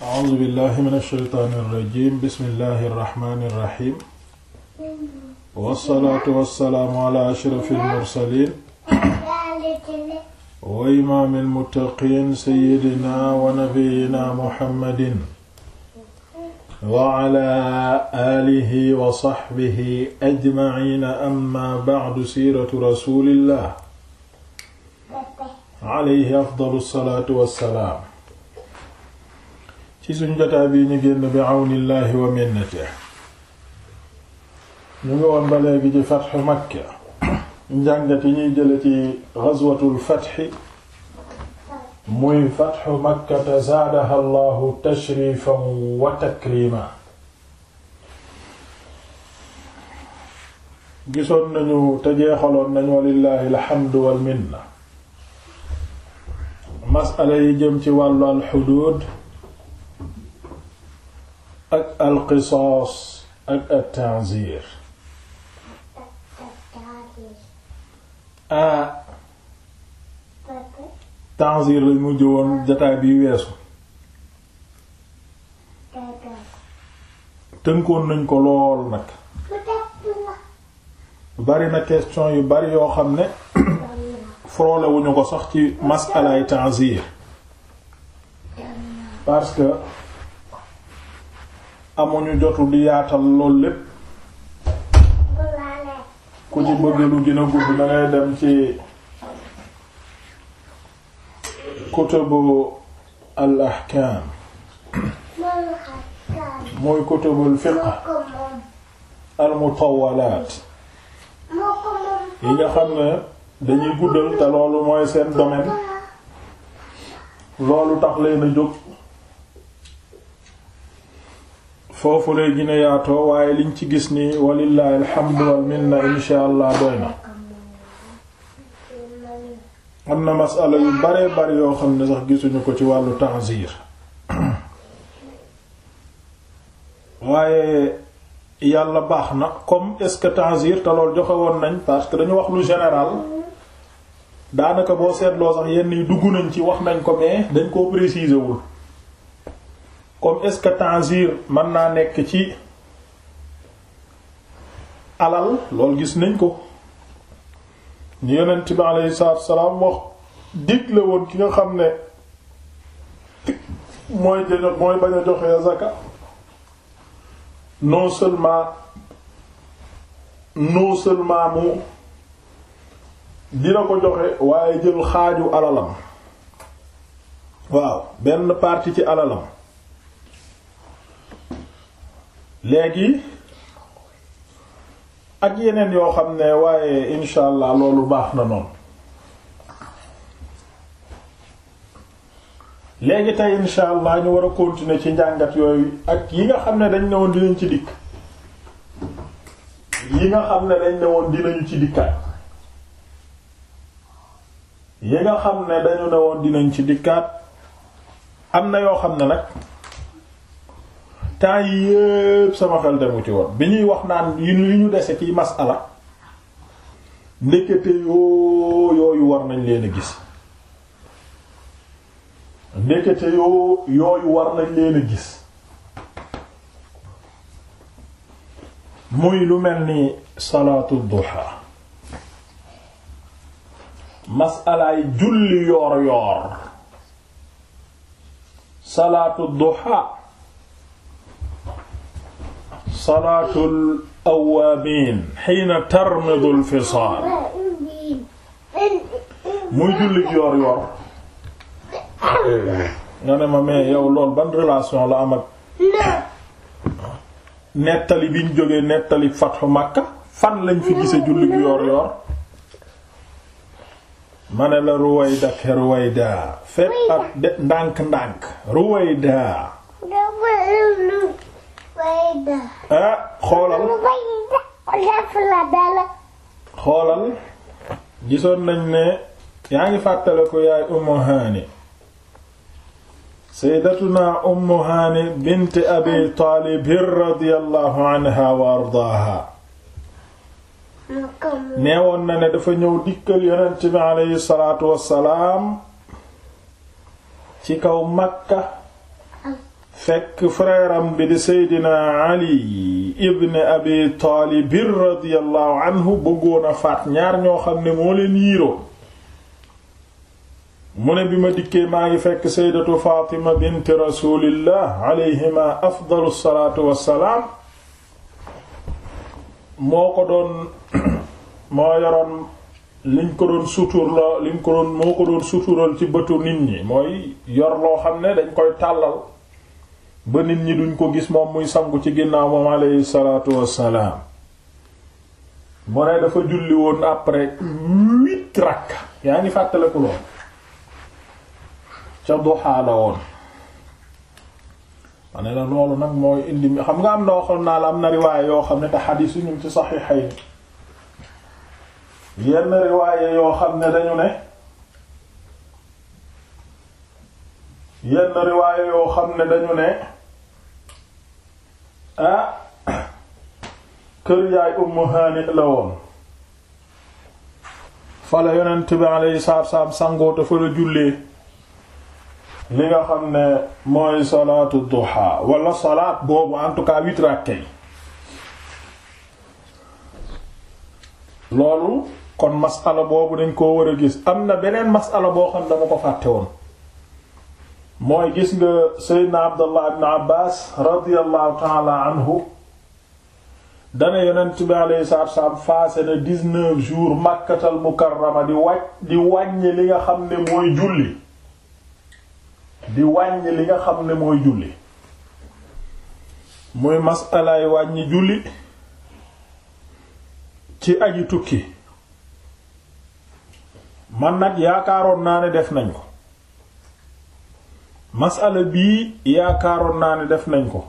a'uuzu billahi min ash-shaytaani irrajim bismillahi irrahmani irrahim wassalaatu wassalaamu ala ashraf almursalin wa imaami almuttaqiin sayidina wa nabiyina muhammadin wa ala aalihi wa saxbihi ajmaciina amma bacdu siiratu rasulillah alayhi afdalu salaatu wassalaam ci suñ jotaa bii ñu génn bi àwnillaahi wa minnati ñu ngi woon ba léegi ci fatxu makka njàngat yi ñuy jële ci ghazwatul fatxi muy fatxu makkata zaadaha allahu tashrifan wa takrima gisoon nañu te jeexaloon nañu walillaahi alhamdu wal minna masala yi jëm ci wàllu alxuduud ak alqisaas ak at-ta'zir ah ta'zir lañ mujj woon jataay bi weesu tënkoon nañ ko lool nag bari question yu bari yoo xam ne frôlé wuñu ko sax ci masalaay ta'zir parce que amuñu jotu di yaatal loolu lépp ku ci bëgg lu gën gudd dangay dem ci kutubu al ahkaam mooy kutubul fiqh al mutawwalaat yi nga xam ne dañuy guddal te loolu mooy seen domaine loolu tax leen a jóg foofu lay gën waaye liñ ci gis ni walillahi alhamdu wal minna insha allah doy na am na masala yu bare bare yoo xam ne sax gisuñu ko ci wàllu tanzir waaye yàlla baax na comme est-ce que tanzir te lool joxe woon nañ parce que dañu wax lu général daanaka boo seetloo sax yenn yi dugg nañ ci wax nañ ko mais dañ koo préciser wul comme est-ce que ta'zir man naa nekk ci alal loolu gis nañ ko ñu yonent bi alayhi salaatu wasalaam wax digle woon ki nga xam ne mooy jëjo mooy bañ a joxe zaka non seulement non seulement mu dina ko joxe waaye jël xaaju alalam waaw benn partie ci alalam léegi ak yeneen yoo xam ne waaye insha allah loolu baax na noonu léegi te insha allah ñu war a continuer ci njàngat yooyu ak yi nga xam ne dañ ne woon dinañ ci dikk yi nga xam ne dañ ne woon dinañu ci dikkaat yi nga xam ne dañu ne woon dinañ ci dikkaat am na yoo xam ne nag temps yépp sama xel demu ci woon bi ñuy wax naan yi ñu dese ci masala ndekete yoo yooyu war nañ leen a gis ndekete yoo yooyu war nañ leen gis muy lu mel ni salaatu duha masalaay julli yoor yoor salaatu duha salaatul awwaabiin xiina tarmidul fisaal muy jullit yoor yoor nga ne ma mais yow lool ban relation la am ak nettali biñ jógee nettali fatxu Makka fan lañ fi gise jullit yoor yoor ma ne la ruwayda ke ruwayda fet ak ndànk ndànk ruwayda ah xoolal xoolal gisoon nañ ne yaa ngi ko yaay Ummu Haani sayyidatuna Ummu Haani bint Abi Taalib radiyallahu anha wa ardaaha neewoon na ne dafa ñëw dikkal yonent bi alayhi salaatu wassalaam ci kaw Makka fekk frère bi di seydina ali ibn abi taalib radiyallahu anhu bëggoon a faat ñaar ñoo xam ne moo leen yiiroon mu ne bi ma dikkee maa ngi fekk seydatu faatima bint rasulillah alayhima afdalu salaatu wassalaam moo ko doon moo yoroon liñ ko doon sutur la liñ ko doon moo ko doon sutural ci bëtu nit ñi mooy yor loo xam ne dañ koy tàllal ba nit ñi duñ ko gis moom muy sangu ci ginnaaw moom aleyhi salaatu wassalaam mu ne dafa julli woon après huit rakka yaa ngi fàttaliku lool ca duhaa la woon ma ne la loolu nag mooy indi mi xam nga am na waxoon naa la am na riwaaye yoo xam ne te xadiis yu ñu ci saxiixayn yenn riwaaye yoo xam ne dañu ne yenn riwaaye yoo xam ne dañu ne ah kër yaay Ummu Haani la woon fa la yonent bi alayhi salaatu salaam sangoota fa la jullee li nga xam ne mooy salaatu duha wala salaat boobu en tout cas huit loolu kon masala boobu dañ koo war a gis am na beneen masala boo xam dama ko fàtte woon mooy gis nga seydna abdallah ibn abbas radiallahu taala anhu dana yonent bi alayhi salaatu wassalaam faase na dix jours màkkatal mukarrama di wàcc di wàññi li nga xam ne mooy julli di wàññi li nga xam ne mooy julli muy masalaay wàññi julli ci aji tukki man nag yaakaaroon naa ne def nañ ko masala bii yaakaaroon naa ne def nañ ko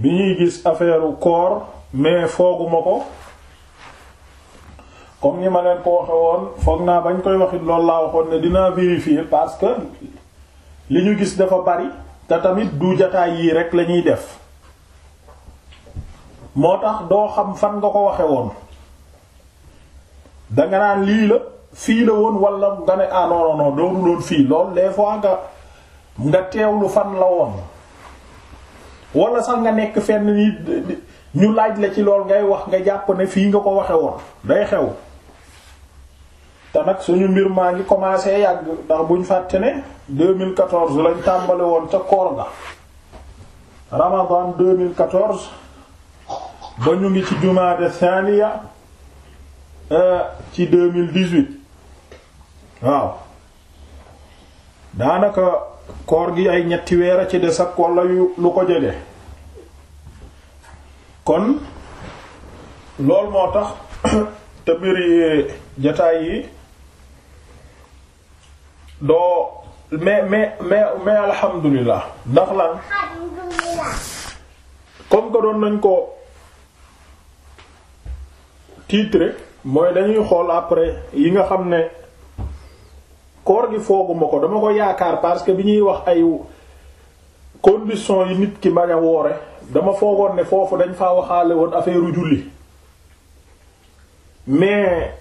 bi ñuy gis affaire koor mais fooguma ko comme ni ma leen ko waxe woon foog naa bañ koy waxit loolu laa waxoon ne dinaa vérifier parce que li ñu gis dafa bari te tamit du jataay yii rek lañuy def moo tax doo xam fan nga ko waxe woon danga naan lii la fii la woon wala nga ne ah non non dooru doon fii lool des fois nga nga teewlu fan la woon wala sax nga nekk fenn ni ñu laaj la ci lool ngay wax nga jàpp ne fii nga ko waxe woon day xew te nag suñu mbir maa ngi commencé yàgg ndax buñ fàtte ne 2014 lañ tàmbali woon ca koor ga ramadan 2014 ba ñu ngi ci jumaada ya euh, ci 2018 waaw daanaka koor gi ay ñetti weer a ci des ak la yu lu ko jege kon loolu moo tax te mbir yi jataay yi doo mais mais mais mais alhamdulilah ndax lan comme que doon nañ ko tiitre mooy dañuy xool après yi nga xam ne koor gi fooguma ko dama ko yaakaar parce que bi ñuy wax ay condition yi nit ki bañ a woore dama foogoon ne foofu dañ fa waxaale woon affaire julli mais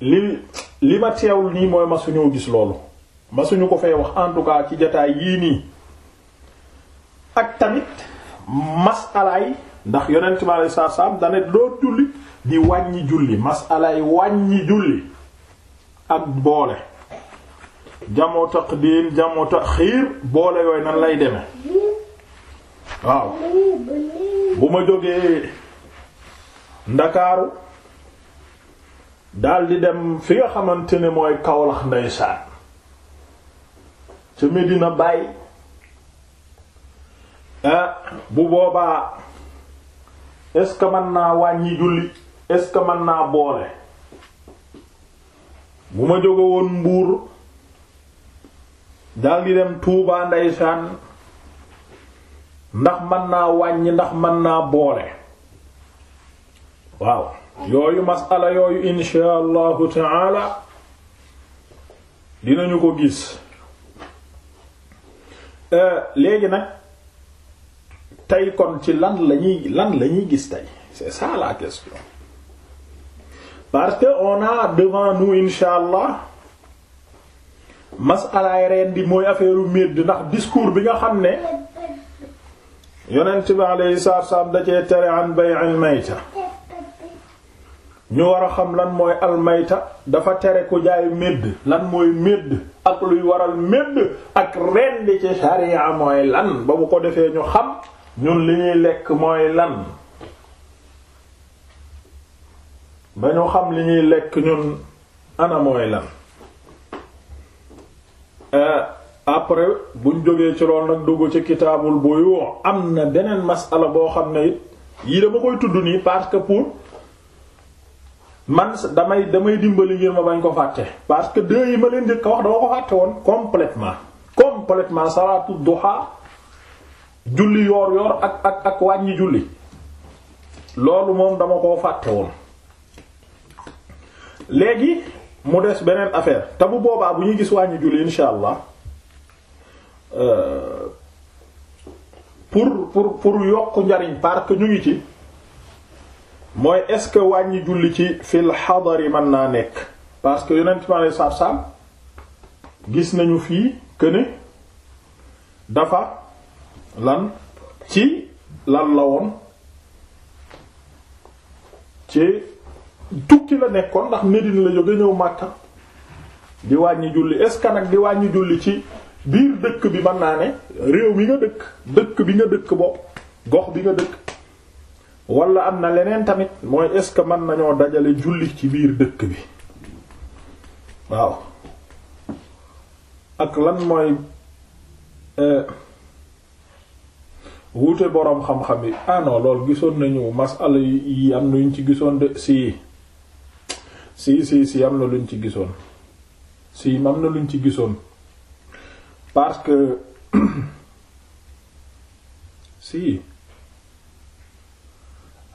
li li ma teewul nii mooy ma suñu gis loolu ma suñu ko fee wax en tout cas ci jataay yii nii ak tamit masalaay ndax yonent bi alei saatu salaam dane doo julli di wàññi julli masalaay wàññi julli ak boole jamu taqdim jamu taxiir boole yooyu nan lay deme waaw bu ma jógee ndakaaru daldi dem fi nga xamante ne mooy Kawlax ndeysaan ca Medina Baye eh, bu boobaa est mën naa wàññi julli est-ce mën naa boole bu ma jóge woon Mbuur dal di dem Touba ndeysaan ndax mën naa wàññi ndax mën naa boole waaw yooyu masala yooyu insha allahu taala dinañu ko gis euh, léegi nag tey kon ci lan lañuy lan lañuy gis tey c'est ça la question parce que on devant nous insha masalaay reen mooy affaire u ndax discours bi nga xam ne yonent bi alayhi salaatu wassalaam da cee tere an bay'il mayta ñu war a xam lan mooy almayta dafa tere ku jaay médd lan mooy médd ak luy waral médd ak reen ci sharia mooy lan ba bu ko defee ñu xam ñun li ñuy lekk mooy lan ba ñu xam li ñuy lekk ñun ana mooy lan Euh, après buñ jógee ci lool nag dugg ci kitaabul buyu am na deneen masala boo xam ne it yii dama koy tudd nii parce que pour man damay damay dimbali ngir ma bañ ko fàtte parce que deux yi ma leen njëkk a wax dama ko fàtte woon complètement complètement salaatu duha julli yoor yoor ak ak ak wàññi julli loolu moom dama koo fàtte woon léegi mu des beneen affaire te boobaa bu ñuy gis wàññi julli insha allah euh, pour pour pour yokk njariñ parce que ñu ngi ci mooy est-ce que wàññi julli ci fil yi mën naa nekk parce que yonent mi alei satu salaam gis nañu fii que ne dafa lan ci lan la woon ci tukki la nekkoon ndax Médine la jóge ñëw Makka di wàññi julli est ce que nag di wàññi julli ci biir dëkk bi man naa ne réew mi nga dëkk dëkk bi nga dëkk bopp gox bi nga dëkk wala am na leneen tamit mooy est ce que mën nañoo dajale julli ci biir dëkk bi waaw ak lan mooy euh, wuute boroom xam-xam yi ah lool loolu gisoon nañu masala yi am na ñu ci gisoon de si. si si si am na luñ ci gisoon si am na luñ ci gisoon parce que si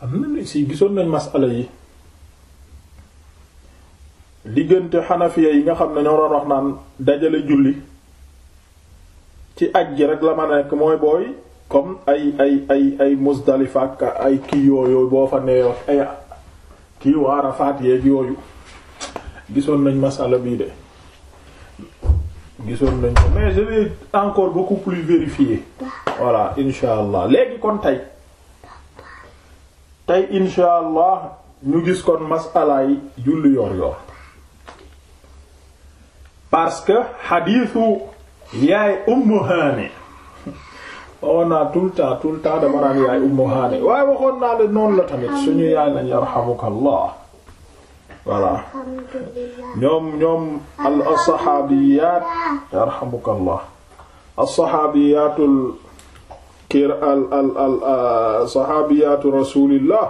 am na luñ si gisoon nañ masala yi diggante xanafiya yi nga xam ne ñoo wax naan dajale julli ci aj ji rek la ma nekk mooy booy comme ay ay ay ay Muzdalifa ay kii yooyu boo fa nee ay kii waa Arafat yooyu gisoon nañ masala bii de gisoon nañ ko mais je encore beaucoup plus vérifier voilà insha allah léegi kon tey tey insha allah ñu gis kon masala yi julli yor yor parce que xadiisu yaay ummu haani waxoon naa tout le temps tout le yaay ummu haani waaye waxoon naa la noonu la tamit suñu yaay lañ yarhamukallah voilà ñoom ñoom al asxaabiyaat yarhamukallah asxaabiyaatul kir al al al asxaabiyaatu rasulillah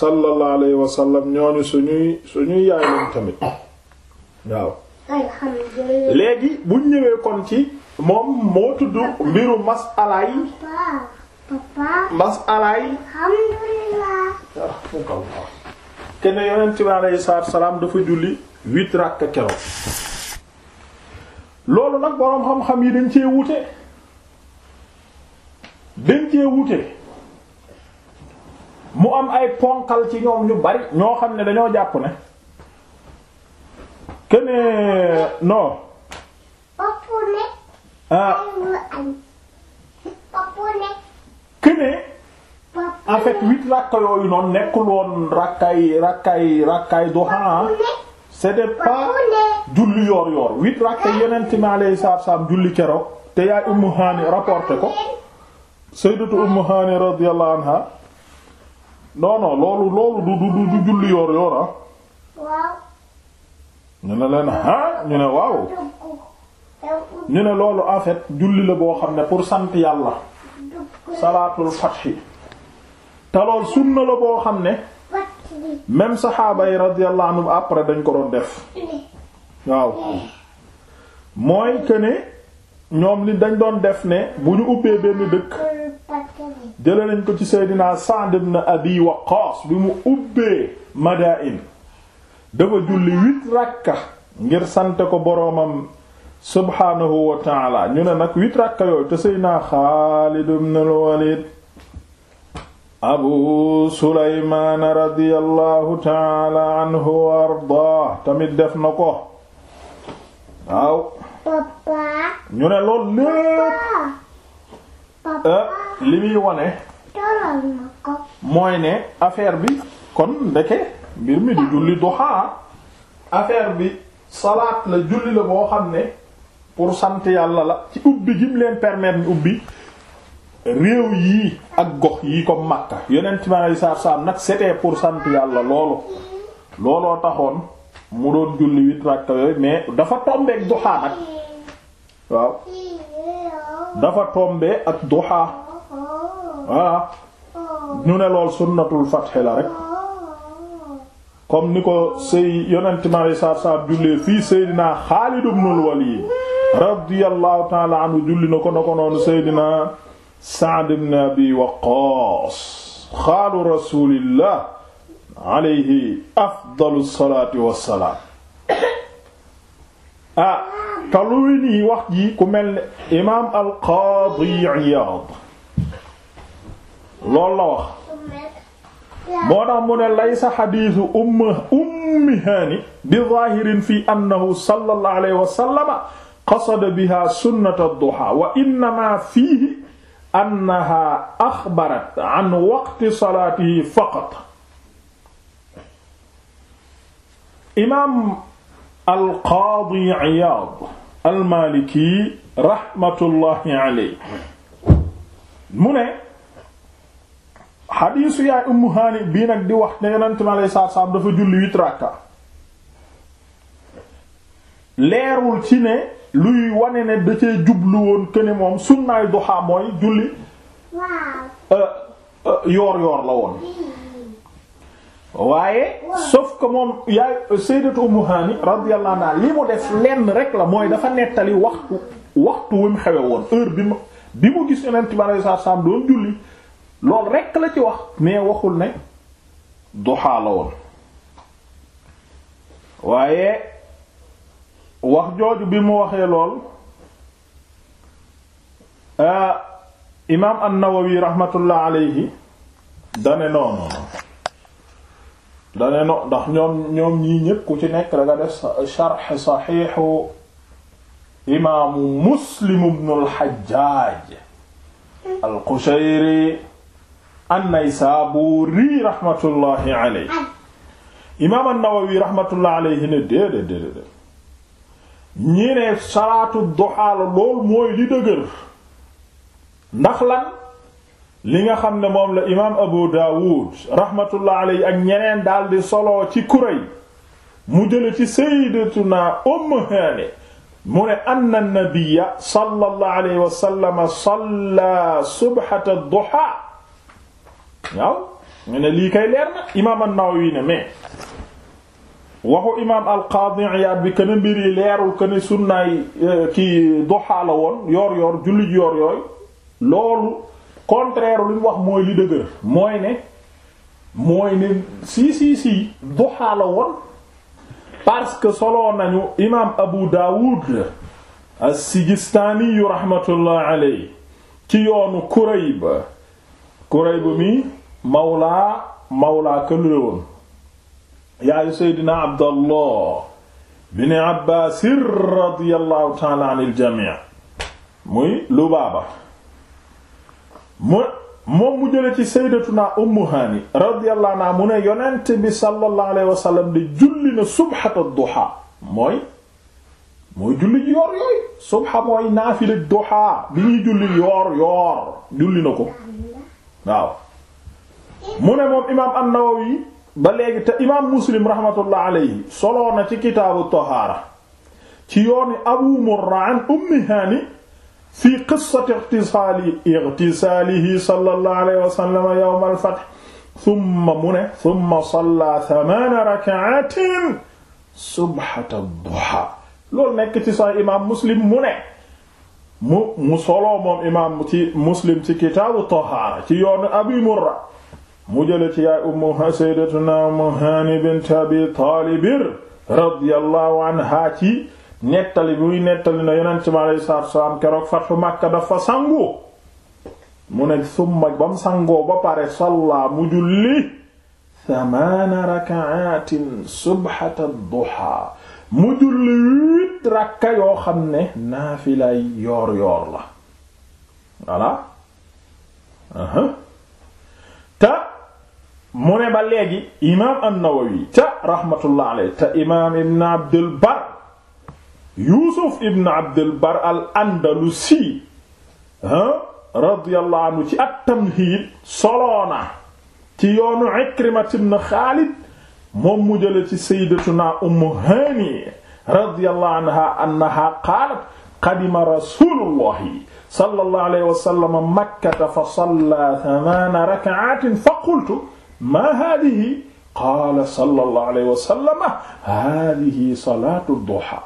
sallallahu alayhi wa sallam ñooñu suñuy suñuy yaay lañ tamit waaw. léegi bu ñëwee kon ci moom moo tudd mbiru mas'ala yi mas'ala yi. alhamdulillah. kenn yonent bi aleyhi salaatu salaam dafa julli huit rakka keroog loolu nag boroom xam-xam yi dañ cee wute dañ cee wute mu am ay ponkal ci ñoom ñu bari ñoo xam ne dañoo jàpp ne kenn non ah en fait huit yooyu noonu nekkul woon rakkaay rakkaay rakkaay duha c'était pas julli yoor yoor huit rakka yonent mi alayhi salaatu salaam julli keroog te yaay Ummu Haani rapporté ko sayyidatu Ummu Haani radiyallahu anha non non loolu loolu du du julli yoor yoora ah. ñu ne leen ah ñu ne waaw ñu ne loolu en fait julli la boo xam ne pour sant yàlla salaatul fathi te lool sunna la boo xam ne même saxaaba yi radiyallahu après dañ ko doon def waaw mooy que ne ñoom li dañ doon def ne bu ñu ubbee benn dëkk jële nañ ko ci Seydina Sa'd ibn Abi Waqqas bi mu ubbee Madain dafa julli huit rakka ngir sante ko boroomam subhaanahu wa taala ñu ne nag huit rakka yooyu te Seydina Xaalid ibn al-Walid abu suleymaan radiyallahu taala anhu wa ardaah tamit def na ko waaw ñu ne lool lépp eh, li muy wone mooy ne affaire bi kon ndeke mbir mi du julli duhaa affaire bi salaat la julli la boo xam ne pour sant yàlla la ci ubbi gi mu leen permettre ñu ubbi réew yii ak gox yi ko Makka yonent bi alayhi salaatu salaam nag c'était pour sant yàlla loolu looloo taxoon mu doon julli huit rakka mais dafa tombé ak duha nag waaw ne lool sunnatul fath la rek comme ni ko sëy yonent bi alayhi salaatu salaam jullee fii Seydina Xaalid ibnul Waliid radiyallahu ta'ala anhu julli na ko na ko noonu Seydina Sa'd ibn Abi Waqqaas xaalu rasuulillah alayhi afdalu salaatu wassalaam ah te luy nii wax ji ku mel ne imaam al-Qaadi Iyaad loolu la wax moo tax mu ne laysa xadiisu umm ummi haani bi zaahirin fi annahu sallallahu alayhi wa sallama qasada biha sunnata ad-duhaa wa innamaa fiihi annaha axbarat an waqti salaatihi faqat imaam alqaadi Iyaad almaaliki raxmatullahi alayhi mu ne xadiisu yaay Ummu Haani bii nag di wax ne Yonent mi alayhi salaatu salaam dafa julli huit rakka leerul ci ne luy wane ne da cee jublu woon que moom sunnaay duha mooy julli euh, euh, yoor yoor la woon waaye sof ko moom yaay euh, sayyidatu Ummu Hani radiyallahu anha li mu def lenn rek la mooy dafa nettali waxtu waxtu wi xewe woon heure bi mu bi mu gis yonent bi alayhi salaam doon julli loolu rekk la ci wax mais waxul ne duha la woon waaye wax jooju bi mu waxee lool ah, imaam an-Nawawi rahmatullah alayhi dane noonu dane no ndax ñoom ñoom ñii ñépp ku ci nekk da nga def sharx saxiixu imaamu Muslim ibn al-Hajjaj al-Qushayri an-Naysaburi rahmatullahi alayhi imaam an-Nawawi rahmatullah alayhi ne déedéet déedéet ñi ne salaatu duha la lool mooy li dëgër ndax lan li nga xam ne moom la imaam abu daawud rahmatullah alayhi ak ñeneen daldi solo ci kuréy mu jële ci sayyidatuna umm haani mu ne anna nabiyya sallallahu alayhi wa sallam salla subhata duha waaw ñu ne lii kay leer na imaam an-nawawi ne mais waxu imaam al-Qaadi Iyaad bi kenn mbir yi leerul kenn sunnaay eh, ki duha la woon yor yor jullit yor yooyu loolu contraire lu wax mooy li dëgër mooy ne mooy ne si si si duha la woon parce que solo nañu imaam Abu Daawud as-Sijistaani rahmatullah ci yoonu Kurayb Kurayb mi mawlaa mawlaa këll la woon yaayu seydina abdallah bin abbaasir radiallahu taala an iljami muy lubaaba mu moom mu jële ci saydatuna ummu haani radiallahu anha mu ne yonent bi sallallahu alayhi wasallam di julli na subxata duha mooy mooy julli yoor yooyu subxa mooy naafila duha bi ñuy julli yoor yoor julli na ko waaw mu ne moom imaam an-Nawawi ba léegi te imaam muslim rahmatullah alayhi soloo na ci kitaabu tahaara ci yooni abu murra an ummi haani fi qissati ightisaali ightisaalihi sallallahu alayhi wa sallam yawm al-fath thumma mu ne thumma salla thamaana rak'aatin subhata duha loolu nekk ci sax imaam muslim mu ne mu mu soloo moom imaam ci muslim ci kitaabu tahaara ci yooni abu murra mu jële ci yaay ummu sayyidatuna ummu haani bint abi taalib radiyallahu anha ci nettali buy nettali na yonent mi alayhi salaatu wa salaam keroog fathu Makka dafa sangu mu ne summa ba mu sangoo ba pare salla mu julli thamaana raka'aatin subhata duha mu julli huit rakka yoo xam ne naafilay yoor yoor la voilà uh-huh. ta mu ne ba léegi imaam an-Nawawi ta rahmatullah alayhi te imaam ibn Abdul Bar Yuusuf ibn Abdul Bar al-Andalusi ah, radiyallahu anhu ci at-Tamhiid soloona ci yoonu Ikrima ibn Xaalid moom mu jële ci sayyidatuna Ummu Haani radiyallahu anha annaha qaalat qadima rasuulullahi sallallahu alayhi wa sallam makkata fa sallaa thamaana rak'aatin fa qultu maa haadihi qaala sallallahu alayhi wa sallam haadihi salaatu duha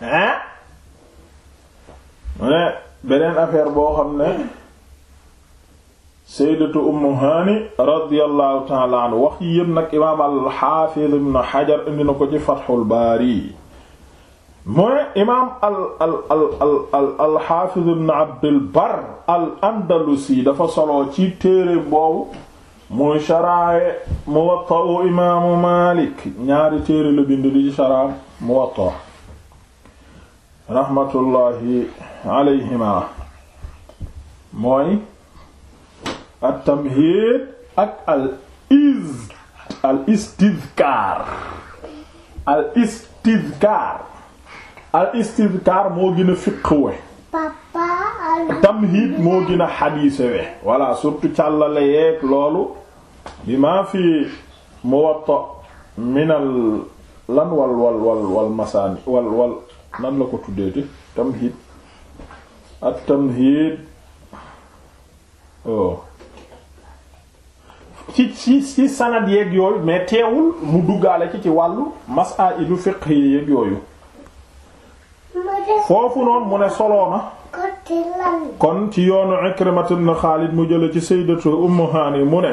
ah mu ne beneen affaire boo xam ne sayyidatu ummu haani radiyallahu ta'ala anha wax yi yëpp nag imaam al-Hafiz ibn Hajar indi na ko ci Fathul Baari mooy imaam al al al al al-Hafiz ibn Abdul Barr al-Andalusi dafa solo ci téere boobu mooy sharaaye muwatta u imaamu Maalik ñaari téere la bind di sharaam muwatta raxmatullaahi alayhima mooy at-tamhiid ak al iz al istidkaar al istidkaar al istidkaar moo gën a fiqwe tamhiid moo gën a xadiise we voilà surtout càllale yeek loolu bi maa fi muwatta minal lan wal wal wal wal wal wal nan la ko tuddeeti tamhid at tamhid oh ci ci sanad yeeg yooyu mais teewul mu duggaale ci ci wàllu masaa'ilu fiq yi yeeg yooyu foofu noonu mu ne soloo ma kon ci yoonu Ikrimatu ibn Xaalid mu jële ci sayyidatu Ummu Haani mu ne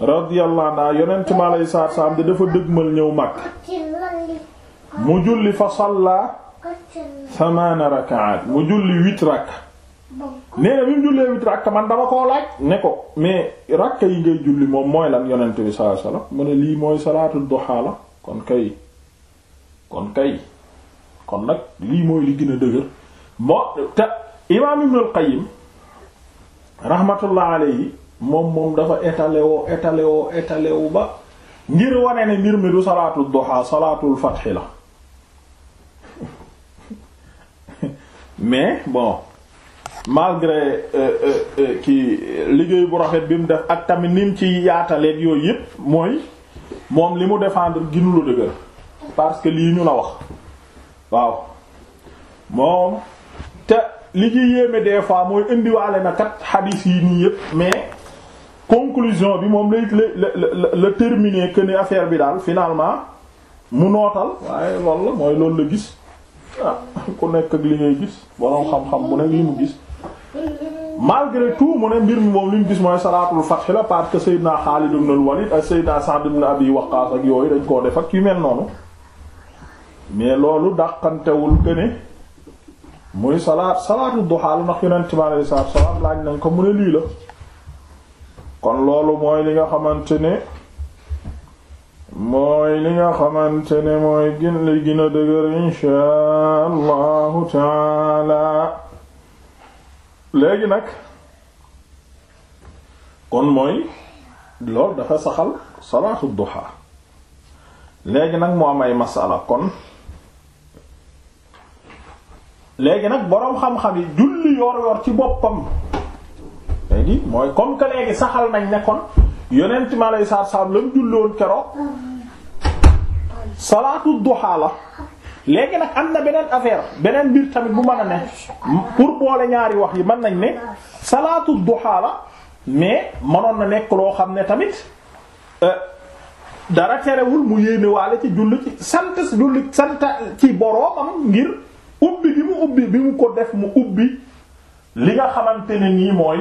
radiyallahu anha ah, yonent mi alayhi salaatu salaam de dafa dëgmal ñëw mag mu julli fa salla samaana rakaat mu julli huit rakk nee na bi mu jullee huit rakk man dama koo laaj ne ko mais rakk yi ngay julli moom mooy lan yonent bi sallallahu alayhi mu ne lii mooy salaatu duha la kon kay kon kay kon nag lii mooy li a dëgër moo te imaam Ibn al-Qayyim rahmatullah moom moom dafa étalé woo étalé woo étalé wu ba ngir wane ne mbir mi du salaatul duha salaatul fatxi la mais bon malgré euh, euh, euh, ki liggéey bu rafet bi mu def ak tamit nim ci yaataleeg yooyu yépp mooy moom li mu défendre ginu la dëgër parce que lii ñu la wax waaw moom te li ci yéeme des fois mooy indiwaale na kat xadiis yi nii yépp mais conclusion bi moom lay la la la terminer que ne affaire bi daal finalement mu nootal waaye loolu la mooy loolu la gis ah ku nekk ak li ngay gis borom xam-xam bu nekk li mu gis. malgré tout mu ne mbir mi moom li mu gis mooy salaatul fath la parce que Seydina Xaalid ibn al-Walid ak Seydina Sa'd ibn Abi Waqqaas ak yooyu dañ koo defak ak yu mel noonu mais loolu dàqantewul que ne muy salaat salaatu duha ndax Yonent bi sallallahu alayhi wasallam laaj nañ ko mu ne lii la. kon loolu mooy li nga xamante ne mooy li nga xamante ne mooy gën li gën a dëgër inchaa allahu taala léegi nag kon mooy loolu dafa saxal salaatu duha léegi nag mu am ay masala kon léegi nag boroom xam-xam yi julli yor yor ci boppam léegi mooy comme que léegi saxal nañ ne kon yonent mi alayhi salaatu salaam la mu julloon keroog salaatu duha la léegi nag am na beneen affaire beneen mbir tamit bu mën a ne pour boole ñaari wax yi mën nañ ne salaatu duha la mais mënoon na nekk loo xam ne tamit euh, dara terewul mu yéene waale ci julli ci sant julli sant ci boroomam ngir ubbi bi mu ubbi bi mu ko def mu ubbi li nga xamante ni nii mooy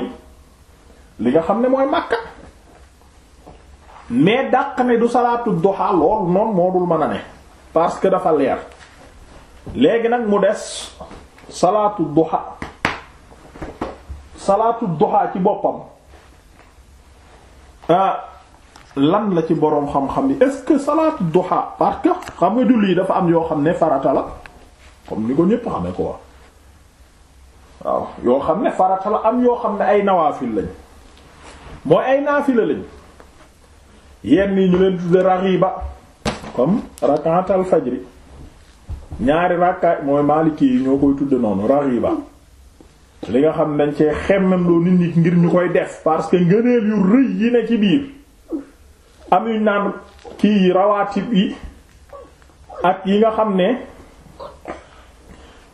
li nga xam ne mooy Makka mais dàq ne du salaatu duha loolu noonu moo dul mën a ne parce que dafa leer léegi nag mu des salaatu duha salaatu duha ci boppam ah lan la ci boroom xam-xam yi est-ce que salaatu duha parce que xam nga julli yi dafa am yoo xam ne farata la comme ni ko ñépp xamee ko wax waaw yoo xam ne farata la am yoo xam ne ay nawaafil lañ mooy ay naafila lañ yenn yi ñu leen tudde raxiba comme rakaatal fajri ñaari rakkaay mooy maaliki yi ñoo koy tudde noonu raxiba li nga xam dañ cee xemandoo loo nit ñi ngir ñu koy def parce que ngëneel yu rëy yi ne ci biir am yu naan kii rawaatib yi ak yi nga xam ne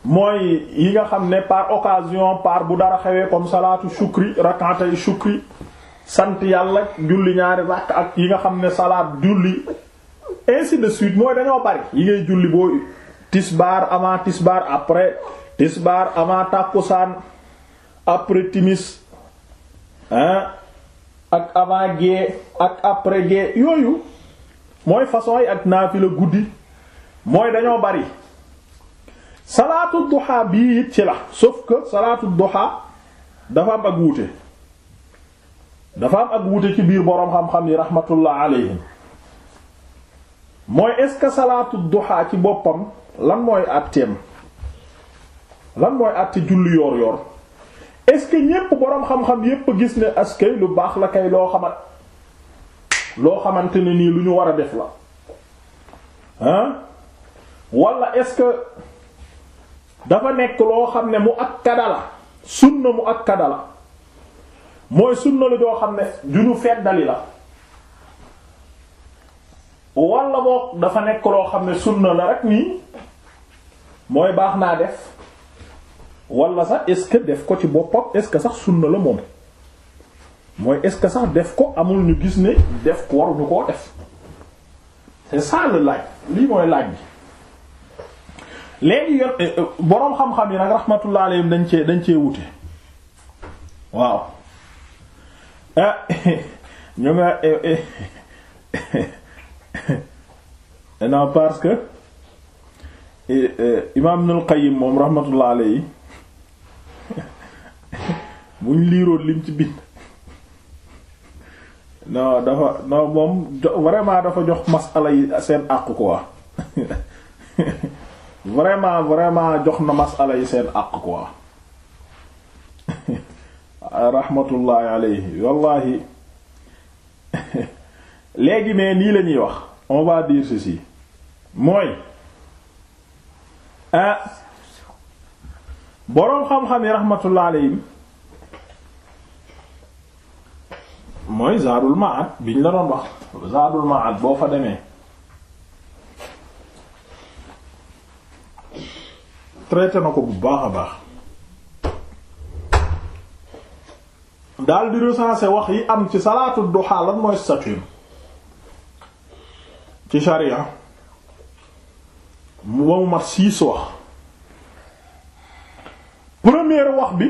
mooy yi nga xam ne par occasion par bu dara xewee comme salaatu shukri rakaatay shukri sant yàlla julli ñaari ràkk ak yi nga xam ne salaat julli ainsi de suite mooy dañoo bari yi ngay julli boo tisbaar avant tisbaar après tisbaar avant tàkkusaan après timis hein ak avant gée ak après gée yooyu mooy façon yi ak naafila guddi mooy dañoo bari salaatu duha bii it ci la sauf que salaatu duha dafa am ak dafa am ak wute ci biir boroom xam-xam yi rahmatullah alayhim mooy est-ce salaatu duha ci boppam lan mooy àtteem lan mooy àtte julli yoor yoor est-ce que ñépp boroom xam-xam yépp gis ne askay lu baax la kay loo xamat loo xamante ne nii lu ñu war a def la ah walla est-ce que dafa nekk loo xam ne mu akkada la sunna mu akkada la mooy sunna la joo xam ne ju ñu feddali la wala boog dafa nekk loo xam ne sunna la rek nii mooy baax naa def wala sax est def ko ci boppam est-ce sax sunna la moom mooy est-ce que sax def ko amul ñu gis ne def ko waruñu koo def te ça le laaj lii mooy laaj bi léegi yoon eh, eh, boroom xam-xam yi nag rahmatullah dañ cee dañ cee wute waaw ah ñu nga eh, eh, eh, non parce que imaam Ibnul Qayyim moom rahmatullah alayhi buñ liiroon lim ci bind non dafa non moom vraiment dafa jox masala yi seen àq quoi vraiment vraiment jox na masala yi seen àq quoi rahmatullahi alayhi wallahi léegi mais nii la ñuy wax on va dire ceci mooy ah boroom xam-xam yi rahmatullahi alayhim mooy zaadul ma'ad biñ la doon wax zaadul ma'ad boo fa demee traité na ko bu baax a baax daal di recenser wax yi am ci salaatu duha lan mooy statut ci sharia mu wamu mat six wax première wax bi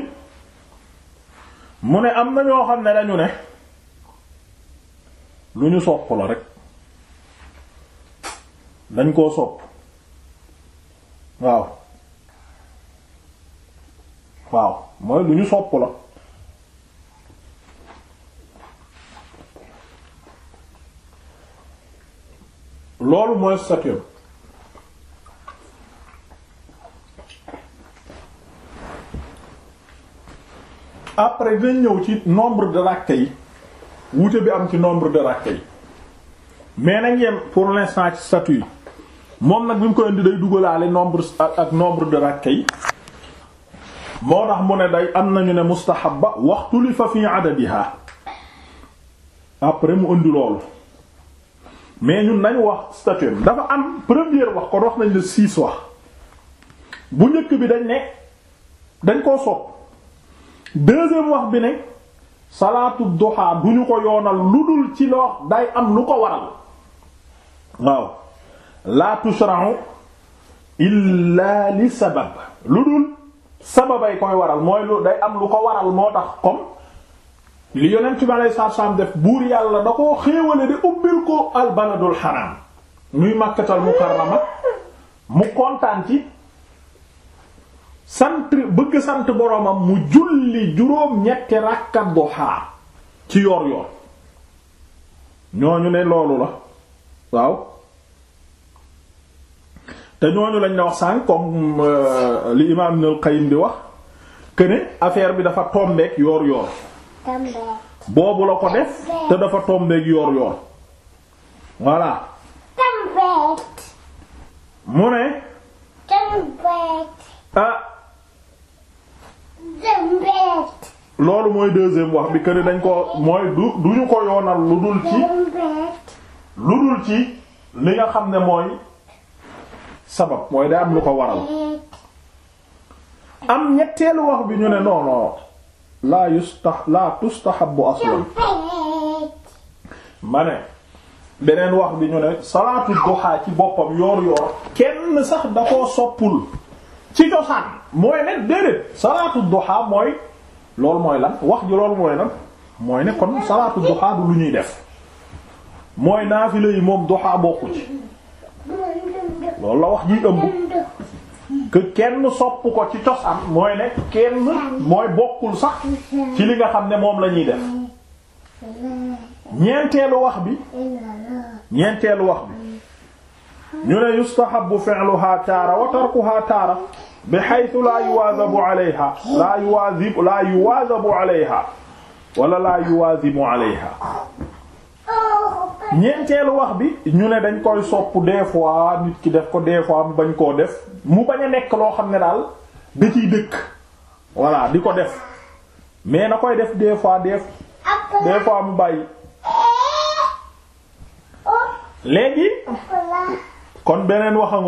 mu ne am na ñoo xam ne dañu ne lu ñu sopp la rek dañ koo sopp waaw waaw mooy lu ñu sopp la loolu mooy statut après dinañ ñëw ci nombre de rakka yi wuute bi am ci nombre de rakka yi mais nañ yem pour l'instant ci statut moom nag bi mu koy indi day dugalaale nombre ak nombre de rakka yi moo tax mu ne day am nañu ne mustahabba waxtu li fa fi adadiha après mu indi loolu mais ñu nañu wax statut dafa am première wax kon wax nañ la six wax bu njëkk bi dañ ne dañ koo sopp deuxième wax bi ne salaatu duha bu ñu ko yoonal lu dul ci loo day am lu ko waral waaw la tushra'u illa li sabab lu dul sababay koy waral mooy lu day am lu ko waral moo tax comme li yonent bi aleyhi salaatu salaam def buur yàlla da koo xéewale de ubbil ko al baladul xaraam muy màkkatal mukarrama mu kontaan ci sant bëgg sant boromam mu julli juróom ñetti ràkka duhaa ci yor yor ñooñu ne loolu la waaw te ñooñu lañ la wax sànq comme euh, li imaam Ibnul Qayyim di wax que ne affaire bi dafa tombeek yoor yor boobu la ko def te dafa tombeek yoor yoor voilà mu ne ah, loolu mooy deuxième wax bi que ne dañ ko mooy du du ko yoonal lu dul ci lu dul ci li nga xam ne mooy sabab mooy day am lu ko waral am ñetteelu wax bi ñu ne non laa yusta laa tustaxabu aslan ma beneen wax bi ñu ne salaatu duha ci boppam yoor yoor kenn sax da soppul ci cosaan mooy ne déedéet salaatu duha mooy loolu mooy lan wax ji loolu mooy lan mooy nekkoon kon salaatu duha bu lu ñuy def mooy naafila yi moom duha bokku ci loolu la wax ji ëmb kenn sopp ko ci cosaan mooy ne kenn mooy bokkul sax ci li nga xam ne moom la ñuy def ñeenteelu wax bi ñeenteelu wax bi ñu ne yustahabu fi'luha taara wa tarkuha taara bi haythu la yuwazabu alayha la yuwazibu la yuwazabu alayha wala la yuwazibu alayha ñeenteelu wax bi ñu ne dañ koy sopp des fois nit ki def ko des fois mu bañ koo def mu bañ a nekk loo xam ne daal da ciy dëkk voilà di ko def mais na koy def des fois def des fois mu bàyyi léegi kon beneen wax a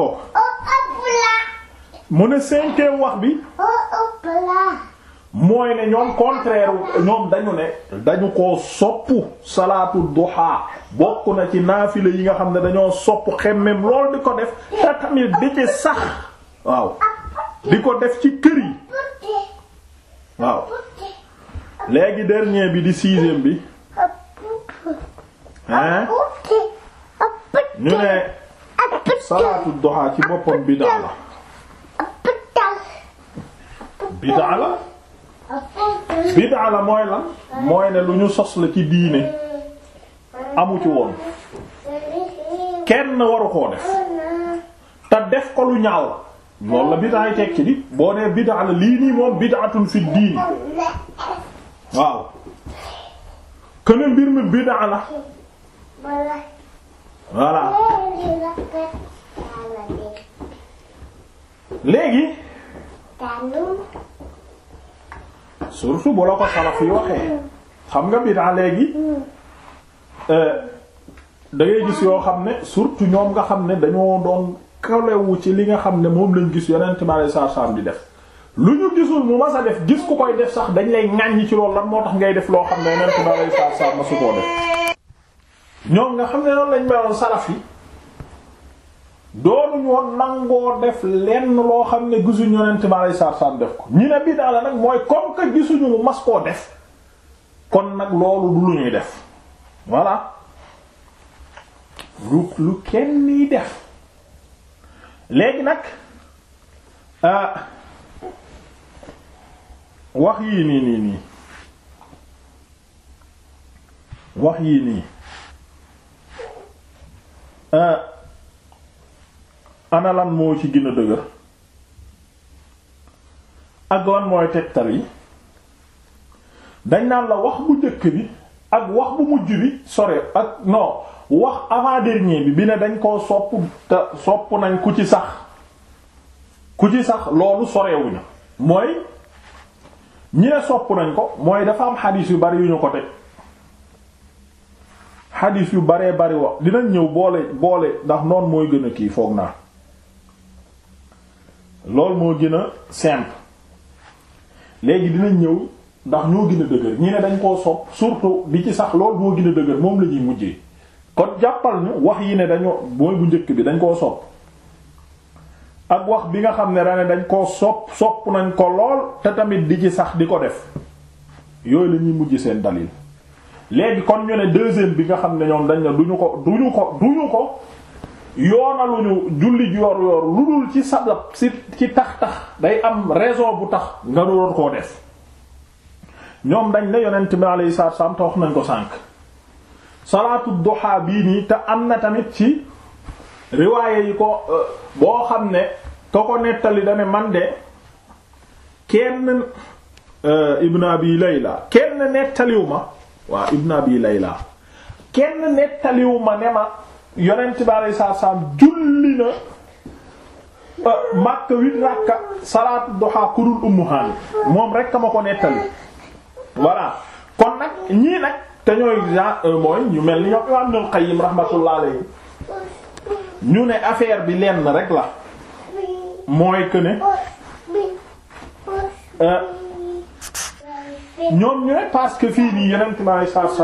mu ne cinquième wax bi mooy ne ñoom contraire ñoom dañu ne dañu ko soppu salaatu duha bokk na ci naafile yi nga xam ne dañoo sopp xemmem lool di ko def te mi di ci sax waaw ko def ci kër léegi dernier bi di sixième bi hein ñu ne salaatu duha ci boppam bid'a la bid'a la bid'a la mooy la mooy ne lu ñu sos la ci diine amu ci woon kenn waru koo def te def ko lu ñaaw loolu la bid'a yi tekki di boo nee bid'a la lii nii moom bid'atun fi diini waaw kene mbir mi bid'a la voilà léegi surtout bu la ko salaf yi waxee xam nga bid'a léegi euh, da ngay gis yoo xam ne surtout ñoom nga xam ne dañoo doon kalewu ci li nga xam ne moom lañ gis yeneen bi alayhi salaam di def lu ñu gisul mu mas a def gis ku koy def sax dañ lay ŋàññi ci lool lan moo tax ngay def loo xam ne yonent bi alayhi salaam ma su koo def ñoom nga xam ne noonu lañ meloon salaf yi doonu ñoo nangoo def lenn loo xam ne gisuñu yonent bi aleyhi salaatu salaam def ko ñu ne biddaa la nag mooy comme gisuñu mu maskoo def kon nag loolu du lu ñuy def voilà lu lu kenn def léegi nag euh, wax yii nii nii nii wax yii nii euh, ana lan moo ci gën a dëgër ak lan mooy tegtal yi dañ naan la wax bu njëkk bi ak wax bu mujj bi sore ak non wax avant dernier bi bi ne dañ koo sopp te sopp nañ ku ci sax ku ci sax loolu sorewuñu mooy ñi ne sopp nañ ko mooy dafa am xadiis yu bari yu ñu ko teg xadiis yu baree bari wax dinañ ñëw boole boole ndax noonu mooy gën a kii foog naa loolu moo gën a simple léegi dinañ ñëw ndax ñoo gën dëgër ñi ne dañ koo sopp surtout bi ci sax loolu moo gën dëgër moom la ñuy mujjee kon jàppal ñu wax yi ne dañoo mooy bu njëkk bi dañ koo sopp ak wax bi nga xam ne daa dañ koo sopp sopp nañ ko lool te tamit di ci sax di ko def yooyu la ñuy mujj seen dalil léegi kon ñu ne deuxième bi nga xam ne ñoom dañ duñu ko duñu ko duñu ko yoonaluñu julli yor yor lu dul ci sabab si ci tax tax day am raison bu tax nga doon koo def ñoom dañ ne yonent bi alayhi salaatu salaam te wax nañ ko sànq salaatu duha bii nii te am na tamit ci riwaaye yi ko euh, boo xam ne ka ko nettali dane man de kenn euh, Ibn Abi Layla kenn nettaliwu ma waa Ibn Abi Layla ma ne ma yonent bi aleyhi salaatu salaam julli na Makka huit rakka salaatu duha kudul Ummu Haani moom rek ma ko nettali voilà kon nag ñii nag te ñooy euh, mooy ñu mel ni ñoom Imaam Ibnul Qayyim rahmatullah alayhi ñu ne affaire bi lenn rek la mooy que euh, ñoom ñooy parce que fii nii yonent bi aleyhi salaatu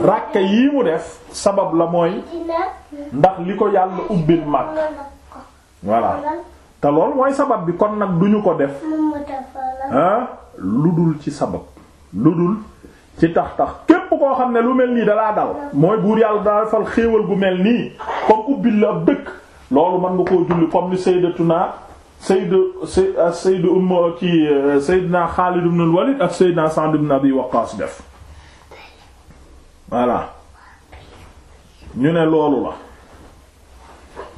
ràkka yii mu def sabab la mooy ndax li ko yàlla ubbil mag voilà te lool mooy sabab bi kon nag duñu ko def ah lu dul ci sabab lu dul ci tax tax képp koo xam ne lu mel nii dalaa dal mooy buur yàlla daa defal xéewal gu mel nii comme ubbil la ab dëkk loolu mën nga koo julli comme ni sayyidatuna sayyidu sayyidu ummu ki sayyidina Xaalid ibn Walid ak sayyidina Sa'd ibn Abi Waqqas def voilà ñu ne loolu la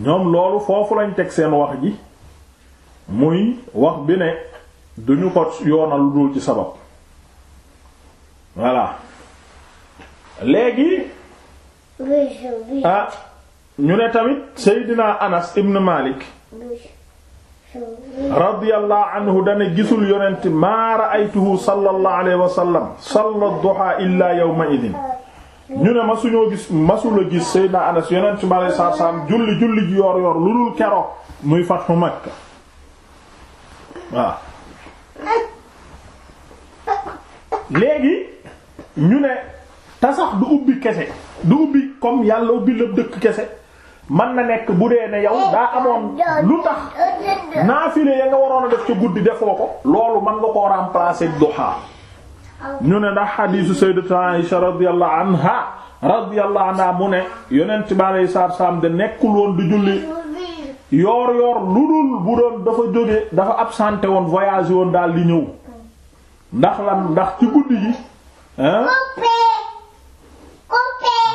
ñoom loolu foofu lañ teg seen wax ji muy wax bi ne duñu ko yoona lu dul ci sabab voilà léegi ah ñu ne tamit Seydina Anas ibn Malik radiyallahu anhu dane gisul yonent maa ra'aytuhu sallallahu alayhi wa sallam salla duha illa yawma ñu ne masuñoo gis masula gis Seydina Anas yonent bi aleyhi salaatu salaam julli julli ji yoor yor lu dul keroog muy fatxu Makka waaw léegi ñu ne te sax du ubbi kese du ubbi comme yàlla ubbi lépp dëkk kese man na nekk bu dee ne yow daa amoon lu tax naafile ya nga waroon a def ca guddi defoo ko loolu man nga koo remplacer duha ñu ne ndax xadiisu sayyidatu Aisha radiyallahu anha radiyallahu anha mu ne yonent bi alayhi salaatu salaam de nekkul woon du julli yoor yoor lu dul bu dafa jóge dafa absenté woon voyage woon daal di ñëw ndax la ndax ci guddi gi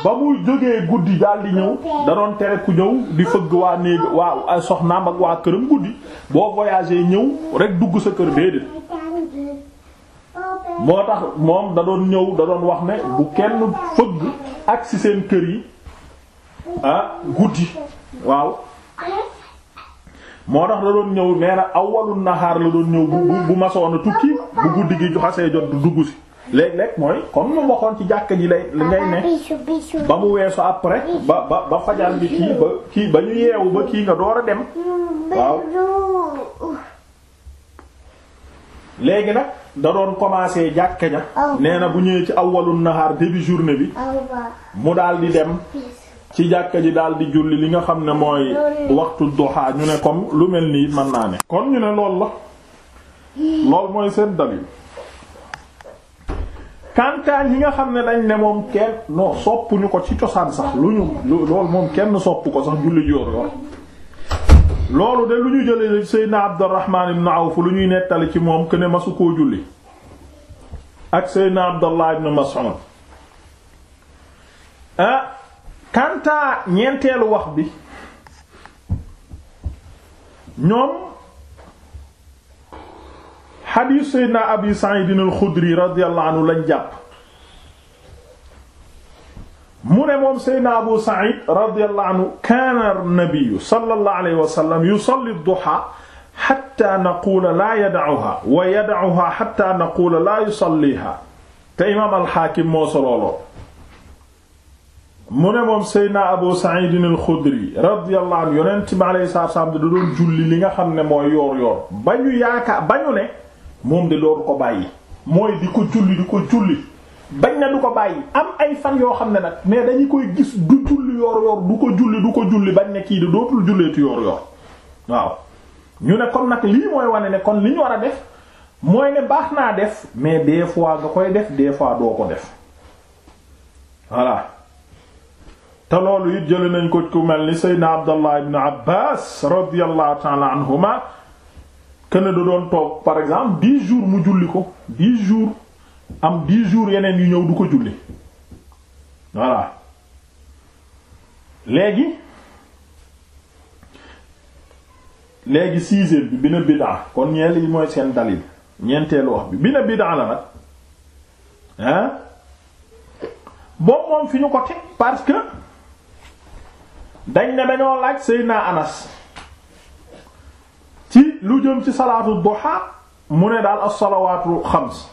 ba mu jógee guddi daal di ñëw da doon tere ku ñëw di fëgg waa néeg waa soxnaam ak waa këram guddi boo voyagé ñëw rek dugg sa kër déedéet moo tax moom da doon ñëw da doon wax ne bu kenn fëgg ak si seen kër yi ah guddi waaw moo tax da doon ñëw nee aw awwalu naxaar la doon ñëw bu bu masoon a tukki bu guddi gi xasee jot du dugg si léeg-léeg mooy comme nu waxoon ci jàkka ji lay li ngay ne ba mu weesu après ba ba ba fajar bi kii ba kii ba ñu yeewu ba kii nga door a dem waaw léegi nag da doon commencer jàkke ja nee na bu ñëwee ci awwalun naxaar début journée bi mu daal di dem ci jàkka ji daal di julli li nga xam ne mooy waxtu doxaa ñu ne comme lu mel nii mën naa ne kon ñu ne lool la lool mooy seen dal yi kantaan yi nga xam ne dañ ne moom kenn non ñu ko ci cosaan sax lu ñu lool moom kenn sopp ko sax julli joor yor loolu de lu ñu jëlee Seydina Abdurrahman ibn Awf lu ñuy nettali ci moom que ne masu koo julli ak Seydina Abdallah ibn Mas'ud ah kantaa ñeenteelu wax bi ñoom xadiis Seydina Abi Sa'id al-Khudri radiyallahu anhu lañ jàpp mu ne moom Seydina Abu Sa'id radiyallahu anhu kaana an-nabiyyu sallallahu alayhi wa sallam yusalli ad-duha hatta naqula la yad'uha wa yad'uha hatta naqula la yusalliha te imaam al-Hakim moo solooloo mu ne moom Seydina Abu Sa'id al-Khudri radiyallahu anhu yonent bi alayhi salaam da doon julli li nga xam ne mooy yoor yoor ba ñu yaakaar ba ñu ne moom de dooru ko bàyyi mooy di ko julli di ko julli bañ na du ko bàyyi am ay fan yoo xam ne nag mais dañu koy gis du julli yor yor du ko julli du ko julli bañ ne kii de dootul julleetu yor yor waaw ñu ne kon nag lii mooy wane ne kon li war a def mooy ne baax naa def mais des fois nga koy def des fois doo ko def voilà te loolu it jëli nañ ko ku mel ni Seydina Abdallah ibn Abbas radiyallahu ta'ala anhuma kenn da doon toog par exemple dix jours mu julli ko dix jours am dix jours yeneen yu ñëw du ko julli voilà léegi léegi sixième bi bina bid'a kon ñeel yi mooy seen dalil ñeenteelu wax bi bina bid'a la nag hein boobu moom fi ñu ko teg parce que dañ ne dañoo laaj Seydina Anas ci lu jëm ci salaatu duha mu ne daal as-salawaatu xams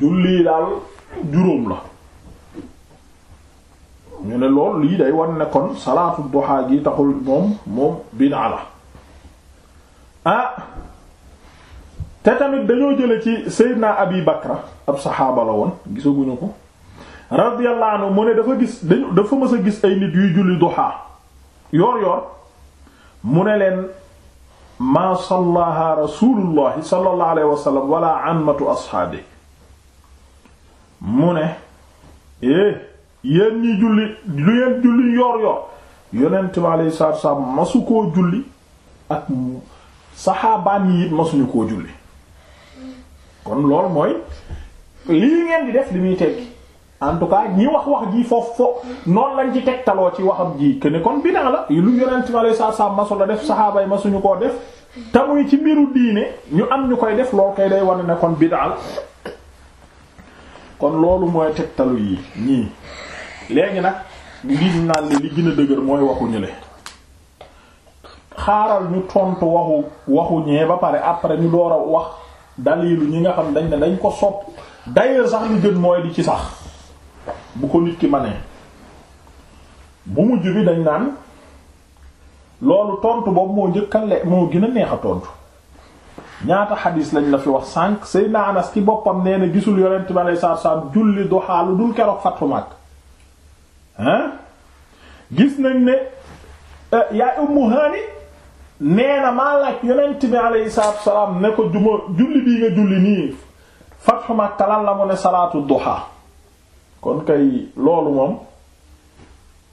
julli daal juróom la ñu ne lool lii day wan ne kon salaatu duha gi taxul moom moom bid'a la ah te tamit dañoo jële ci Seydina Abi Bakra ab saxaaba la woon gisaguñu ko radiyallahu anhu mu ne dafa gis dañu dafa mës a gis ay nit yuy julli duha yoor yoor mu ne leen maa sallaha rasulullahi sallallahu alayhi wa sallam wala ashaabi mu ne eh yéen ñi julli lu yéen julli yor yor yonent bi alayhi salaatu masu koo julli ak saxaabaan yi it masuñu koo julli kon lool mooy lii ngeen di def li muy tekki en tout cas ñi wax wax jii foofu fo noonu lañ ci tegtaloo ci waxam ji que ne kon bidaa la lu yonent bi alayhi salaatu wassalaam masu la def saxaaba yi masuñu koo def te yi ci mbiru diine ñu am ñu koy def lool kay day wane ne kon bidaa la kon loolu mooy tegtalu yi ñii léegi nag liñ naan li gën a dëgër mooy waxu ñële xaaral ñu tontu waxu waxuñee ba pare après ñu door a wax dalilu ñi nga xam dañ ne dañ ko sopp d'ailleurs sax li gën mooy di ci sax bu ko nit ki manee bu mujj bi dañ naan loolu tontu boobu moo njëkkal moo gën a neexa tontu ñaata xadis lañ la fi wax sànq Seydina Anas ci boppam nee na gisul yonent bi alei saatu salaam julli doxaalu dul keroog Fathu Makka ah gis nañ ne eh, yaay Ummu Haani nee na maa laaj yonent bi aleyhi salaatu salaam ne ko juma julli bii nga julli nii Fathu Makka lan la mu ne salaatu duha kon kay loolu moom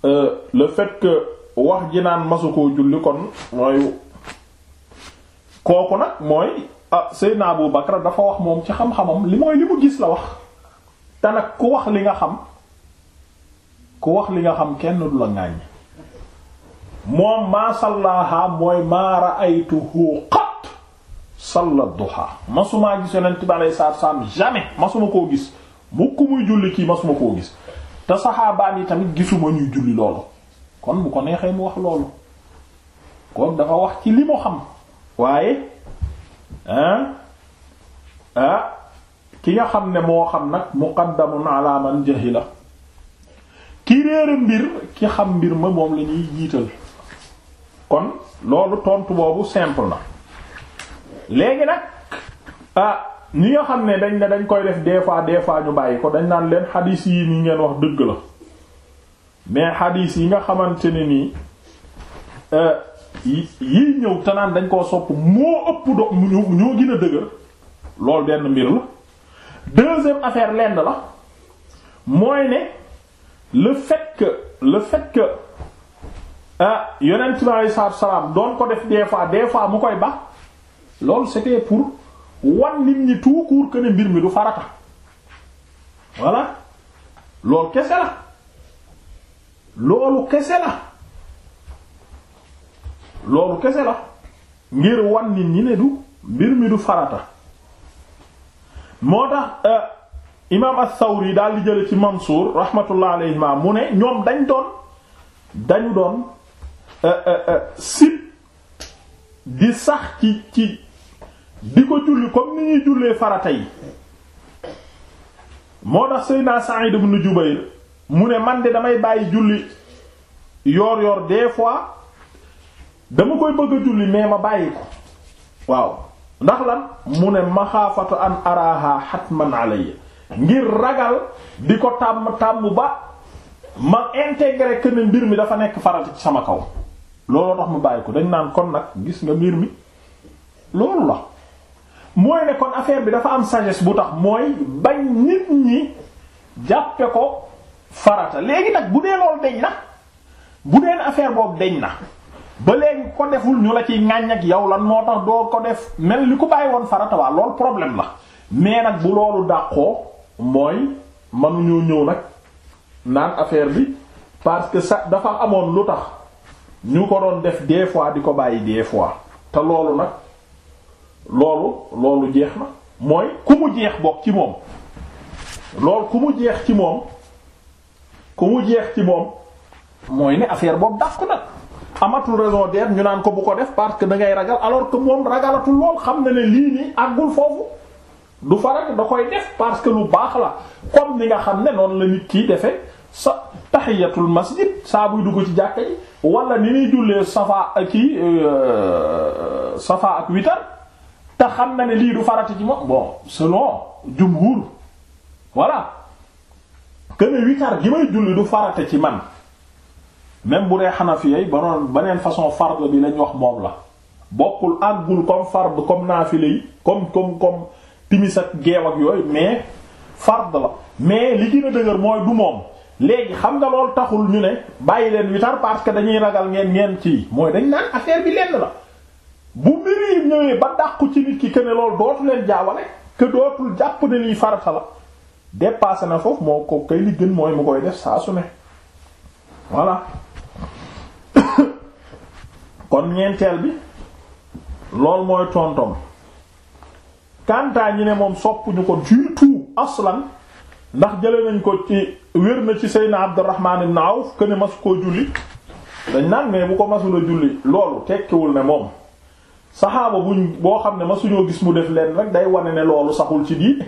eh, le fait wax ji naan masu koo julli kon mooy kooku nag mooy ah Seydina Abu Bakar dafa wax moom ci xam-xamam li mooy li mu gis la wax te nag ku wax li nga xam ku wax li nga xam kenn du la ŋàññ moom maa sallaaha mooy maa ra'aytuhu qat salla duha masumaa gis yonent bi alayhi salaatu salaam jamais masuma koo gis mukk muy julli kii masuma koo gis te saxaabaan yi tamit gisuma ñuy julli loolu kon bu ko neexee mu wax loolu kon dafa wax ci li mu xam waaye ah ki nga xam ne moo xam nag muqaddamun ala man jahila ki réere mbir ki xam mbir ma moom la ñuy jiital kon loolu tontu boobu simple na léegi nag ah ñi nga xam ne dañ ne dañ koy def des fois des fois ñu bàyyi ko dañ naan leen xadiis yi ni ngeen wax dëgg la mais xadiis yi nga xamante ne nii euh, yii ñëw tanaan dañ koo sopp moo ëpp do ñoo gën a dëgër loolu benn mbir la deuxième lenn la mooy ne le fait que le fait que ah, yonent bi alayhi doon ko def des fois des fois mu koy bax loolu c'était pour wan nit ñi tout court que mbir mi du farata voilà loolu kese la loolu kese la loolu kese la ngir wan nit ñi ne du mbir mi du farata moo tax euh, imaam as-Sawri daal di jële ci Mansuur rahmatullah alayhi ma mu ne ñoom dañ doon dañu doon euh, euh, sib di sax ci ci di ko julli comme ni ñuy jullee farata yi moo tax Seydina Sa'id ibn Jubayr mu ne man de damay bàyyi julli yoor yoor des fois dama koy bëgg a julli mais ma bàyyi ko waaw ndax lan mu ne maxaafatu an araha xatman alayya ngir ragal di ko tàmm tàmm ba ma intégré que ne mbir mi dafa nekk farata ci sama kaw looloo tax mu bàyyi ko dañ naan kon nag gis nga mbir mi loolu la mooy ne kon affaire bi dafa am sagesse bu tax mooy bañ nit ñi jàppe ko farata léegi nag bu dee loolu deñ na bu dee affaire boobu deñ na ba léegi ko deful ñu la ci ŋàññ ak yow lan moo tax doo ko def mel li ku bàyyi woon farata waa loolu problème la mais nag bu loolu dàqoo mooy mënuñoo ñëw nag naan affaire bi parce que sa dafa amoon lu tax ñu ko doon def des fois di ko bàyyi des fois te loolu nag loolu loolu jeex na mooy ku mu jeex bokk ci moom loolu ku mu jeex ci moom ku mu jeex ci moom mooy ne affaire boobu dàq nag amatul raison d'être ñu naan ko bu ko def parce que dangay ragal alors que moom ragalatul lool xam na ne lii nii àggul foofu du farak da koy def parce que lu baax la comme ni nga xam ne noonu la nit kii defe sa tahiyatul masjid saa buy dugg ci jàkka ji wala ni ñuy jullee safa ak kii euh, safa ak witar te xam na ne lii du farata ci moom bon selon jumhur voilà que ne witar gi may julli du farata ci man. même bu dee xanafiya yi banoon beneen façon fard bi lañ wax moom la bokkul àggul comme fard comme naafile yi comme comme comme timis ak geew ak yooyu mais fard la mais li gën a dëgër mooy du moom léegi xam nga loolu taxul ñu ne bàyyi leen witar parce que dañuy ragal ngeen ngeen ci mooy dañ naan affaire bi lenn la bu mbiri ñëwee ba dàqu ci nit ki que ne loolu dootu leen jaawale que dootul jàpp ne liy farata la dépassé na foofu moo ko kay li gën mu koy def saa kon ñeenteel bi lool mooy tontom kantaa ñi ne moom soppuñu ko du tout aslan ndax jële nañ ko ci wér na ci Seydina Abdurrahman ibn Awf que ne masu koo julli dañ naan mais bu ko masula julli loolu tekkiwul ne moom saxaaba buñ boo xam ne masuñoo gis mu def leen rek day wane ne loolu saxul ci diine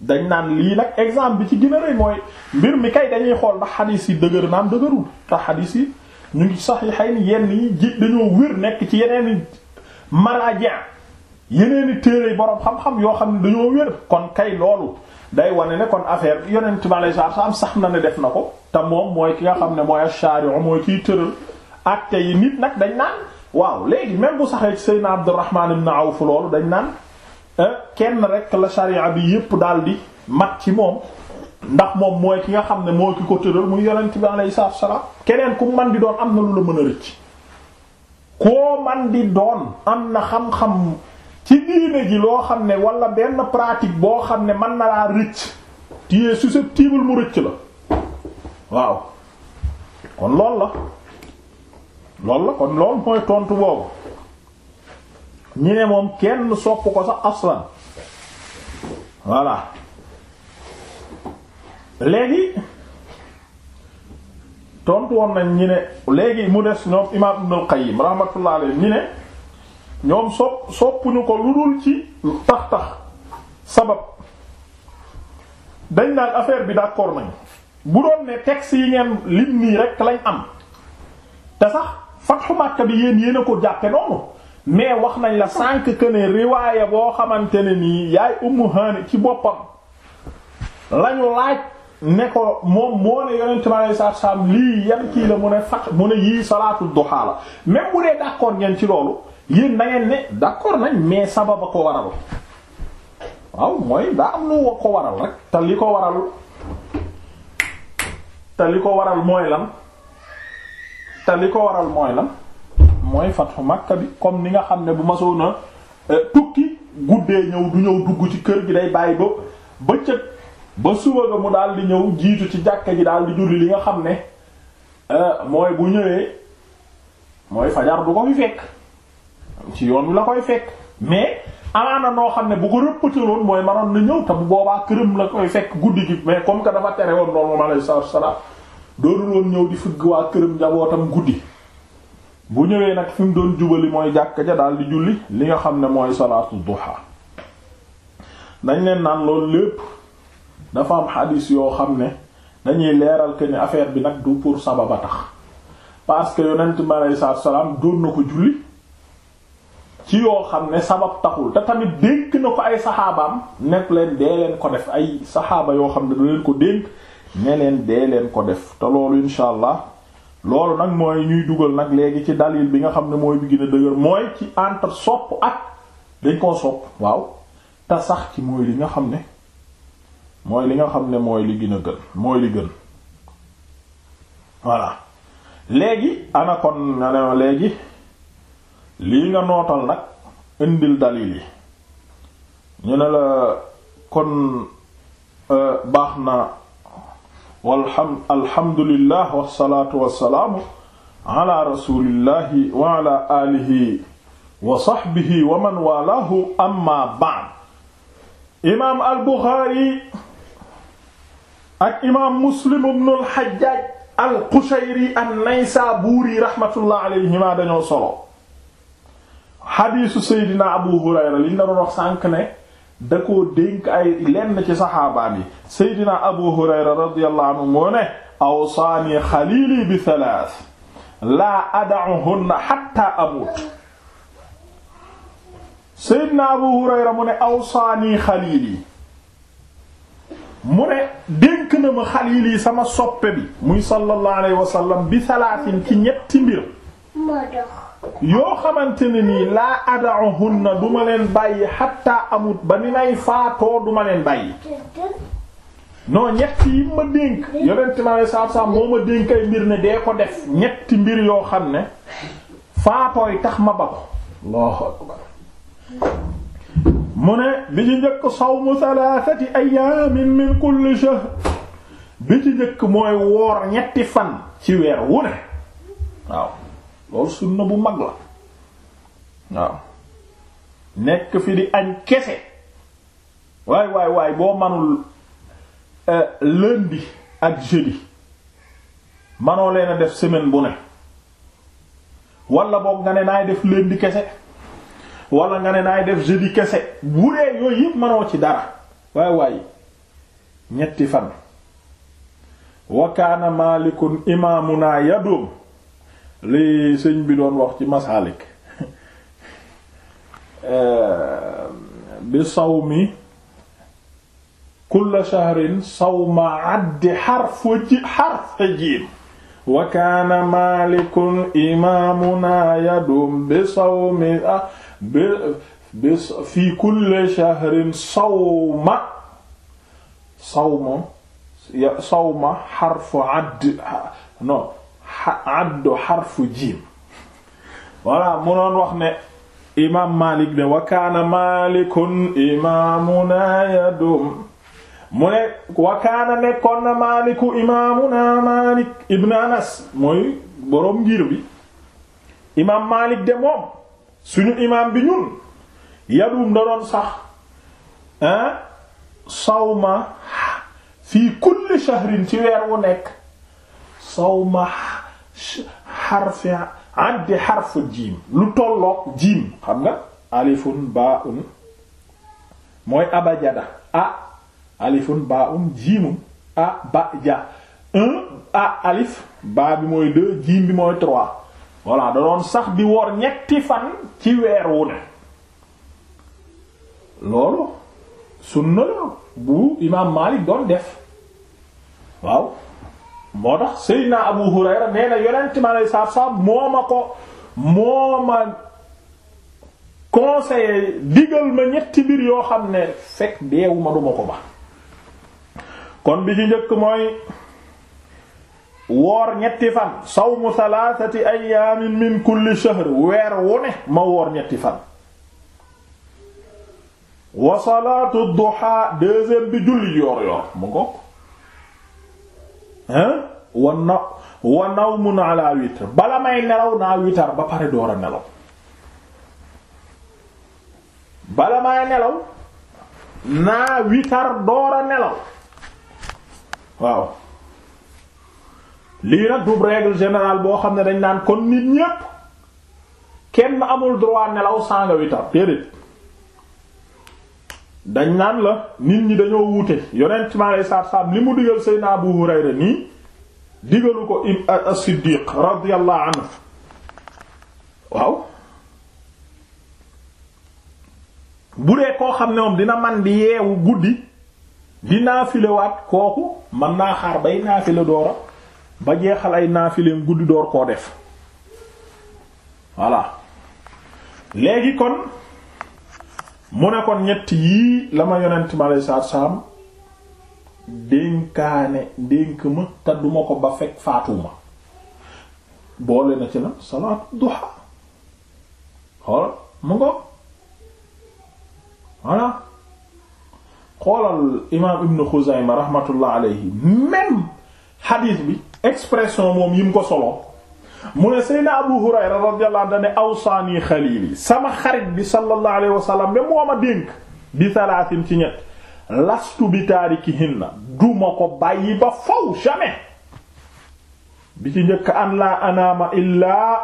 dañ naan lii nag exemple bi ci gën a rëy mooy mbir mi kay dañuy xool ndax xadiis yi dëgër naam dëgërul ndax xadiis yi ñu ngi saxiixayn yenn yi ji dañoo wér nekk ci yeneen maraaji yeneen i téere borom xam-xam yoo xam ne dañoo wér kon kay loolu day wane ne kon affaire yonent bi alayhi salaatu sax na ne def na ko te moom mooy ki nga xam ne mooy ash-shaari'u mooy kii tëral acte yi nit nag dañ naan waaw léegi même bu saxee ci Seydina Abdurrahman ibn Awf loolu dañ naan eh, kenn rek la sharia bi yépp daal di mat ci moom ndax moom mooy ki nga xam ne moo ki ko tëral mu yonent bi alayhi salaatu wassalaam keneen ku man di doon am na lu la mën a rëcc koo man di doon am na xam-xam ci diine gi loo xam ne wala benn pratique boo xam ne mën na laa rëcc tu es mu rëcc la waaw kon lool la lool la kon lool mooy tontu boobu ñi ne moom kenn sopp ko sax aslan voilà léegi tontu woon nañ ñi ne léegi mu des ñoom imaam Ibnul Qayyim rahmatullah alayhi ñi ne ñoom sopp soppuñu ko lu dul ci tax tax sabab dañ naan affaire bi d'accord nañ bu doon ne texte yi ngeen lim nii rek lañ am te sax Fathu Makka bi yéen yéen a ko jàppe noonu mais wax nañ la sànq que ne boo xamante ne nii yaay Ummu Haani ci boppam lañu laaj. ne ko moom moo ne yonent bi alayhi salaatu lii yan kii la mu ne fat mu ne yii salaatu duhaa la même bu dee d'accord ngeen ci loolu yéen na ngeen ne d'accord nañ mais sababa ko waral waaw mooy daa am lu ko waral rek te li ko waral te li ko waral mooy lan te li ko waral mooy lan mooy fatxu Makka bi comme ni nga xam ne bu ma soo na eh, tukki guddee ñëw du ñëw dugg ci kër gi day bàyyi ba bëccëg ba suba ga mu daal di ñëw jiitu ci jàkk ji daal di julli li nga xam ne euh, mooy bu ñëwee mooy fajar du ko fi fekk ci yoon wi la koy fekk mais amaana noo xam ne bu ko rëppataloon mooy manoon na ñëw te bu boobaa këram la koy fekk guddi gi mais comme que dafa tere woon loolu moom alayhi salaatu wassalaam doonul woon ñëw di fëgg waa këram njabootam guddi bu ñëwee nag fi mu doon jubali mooy jàkk ja daal di julli li nga xam ne mooy salaatu duha dañ leen naan loolu lépp. dafa am xadis yoo xam ne dañuy leeral que ni affaire bi nag du pour sabab a tax parce que yonent mi aleyhi salaatu salaam doon na ko julli ci yoo xam ne sabab taxul te tamit dénk na ko ay saxaabaam nekk leen dee leen ko def ay saxaaba yoo xam ne da ko dénk ne leen dee leen ko def te loolu insha allah loolu nag mooy ñuy dugal nag léegi ci dalil bi nga xam ne mooy bi gën a dëgër mooy ci entre sopp at dañ koo sopp waaw te sax ci mooy li nga xam ne mooy li nga xam ne mooy li gën a léegi ana kon nga ne léegi lii nga nootal nag indil dalil yi ñu ne la kon euh, baax na walham alhamdulillah wassalaatu wassalaamu ala rasulillahi wa ala alihi wa sahbihi wa man walaahu amma ba'd imaam al-Bukhari ak imaam muslim ibn al-Hajjaj al-Qushayri an-Naysaburi rahmatullah alayhima dañoo solo xadiisu Seydina Abu Hurayra liñ la doon wax sànq ne da koo dénk ay lenn ci saxaabaan yi Seydina Abu Hurayra radiyallahu anhu moo ne awsaani xaliili bi thalath laa ada'uhunna hatta amut Seydina Abu Hurayra mu ne awsaani xaliili mu ne dénk na ma xalili sama soppe bi muy sallallahu alayhi wa sallam bi salaatin ci ñetti mbir yoo xamante ne nii laa ada'uhunna du ma leen bàyyi xatta amut ba ni may faatoo du ma leen bàyyi non ñett yi ma dénk yonent ma lay saab saab moo ma dénk ay mbir ne dee ko def ñetti mbir yoo xam ne faatooy tax ma ba ko mu ne bi ci njëkk sawmu thalathati ayaamin min kulli shahr bi ci njëkk mooy woor ñetti fan ci weer wu ne waaw loolu sunna bu mag la waaw nekk fi di añ kese waay waay waay boo manul euh, lundi ak jeudi manoo leen def semaine bu ne walla boog nga ne naay def lundi kese wala nga ne naay def jeudi kese bu yooyu yëpp mënoo ci dara waaye waaye ñetti fan wa kaana maalikun imaamuna yadum li sëñ bi doon wax ci masaalik ehm, bi sawmi kulla shahrin sawma addi xarfa ji xarfa jiim wa kaana maalikun imaamuna yadum bi sawmi ah, bi bi fii kulli shahrin sawma sawma sawma xarfu add non addu xarfu jiim voilà mu noon wax ne imaam Maalik ne wa kaana Maalikun imaamuna yadum mu ne wa kaana nekkoon na Maaliku imaamuna Maalik ibn Anas mooy boroom ngir bi imaam Maalik de moom suñu imaam bi ñun yadum da doon sax ah sawma fii kulli shahrin ci weer wu nekk sawma xarfi addi xarfu jiim lu tolloo jiim xam nga alifun baaun mooy abajada a alifun baaun jiimum a ba ja un a alif ba bi mooy deux jiim bi mooy trois voilà da sax bi woor ñetti fan ci weer wu ne loolu sunna la bu imaam Maalik doon def waaw moo tax Seydina Abu Hurayra nee na yonent ma lay saaf saaf moo ma ko moo ma conseillé digal ma ñetti biir yoo xam ne fekk deewu duma ko ba kon bi ci njëkk mooy woor ñetti fan sawmu thalathati ayaamin min kulli shahr weer wu ne ma woor ñetti fan wa salaatu duha deuxième bi julli yoor yoor mu ngokk hein wa na wa nawmun ala witr bala may nelaw naa witar ba pare door a nelaw bala may nelaw naa witar door a nelaw waaw lii nag du règle générale boo xam ne dañ naan kon nit ñépp kenn amul droit nelaw saa nga witar déedéet dañ naan la nit ñi dañoo wuute yonent mi alayhi salaatu salaam li mu digal Seydina Abu Hurayra nii digalu ko as-Siddiq radiyallahu anhu waaw bu dee koo xam ne moom dina man di yeewu guddi di naafilewaat kooku mën naa xaar bay naafile doora ba jeexal ay naafileem guddi door koo def voilà léegi kon mu ne kon ñett yii la ma yonent ma lay saat saam dénkaane dénk ma te duma ko ba fekk faatuma boole na ci la salaatu duha xool mu ngo voilà xoolal imaam ibnu Xuzayma rahmatullah alayhi même xadiis bi expression moom yi mu ko solo mu ne Seydina Abu Hurayra radiyallahu anhu dane awsaani xaliili sama xarit bi sallallahu alayhi wa sallam de moo ma dénk bi salaasin ci ñett lastu bi taarikihinna duma ko bàyyi ba faw jamais bi ci njëkk an laa anaama illaa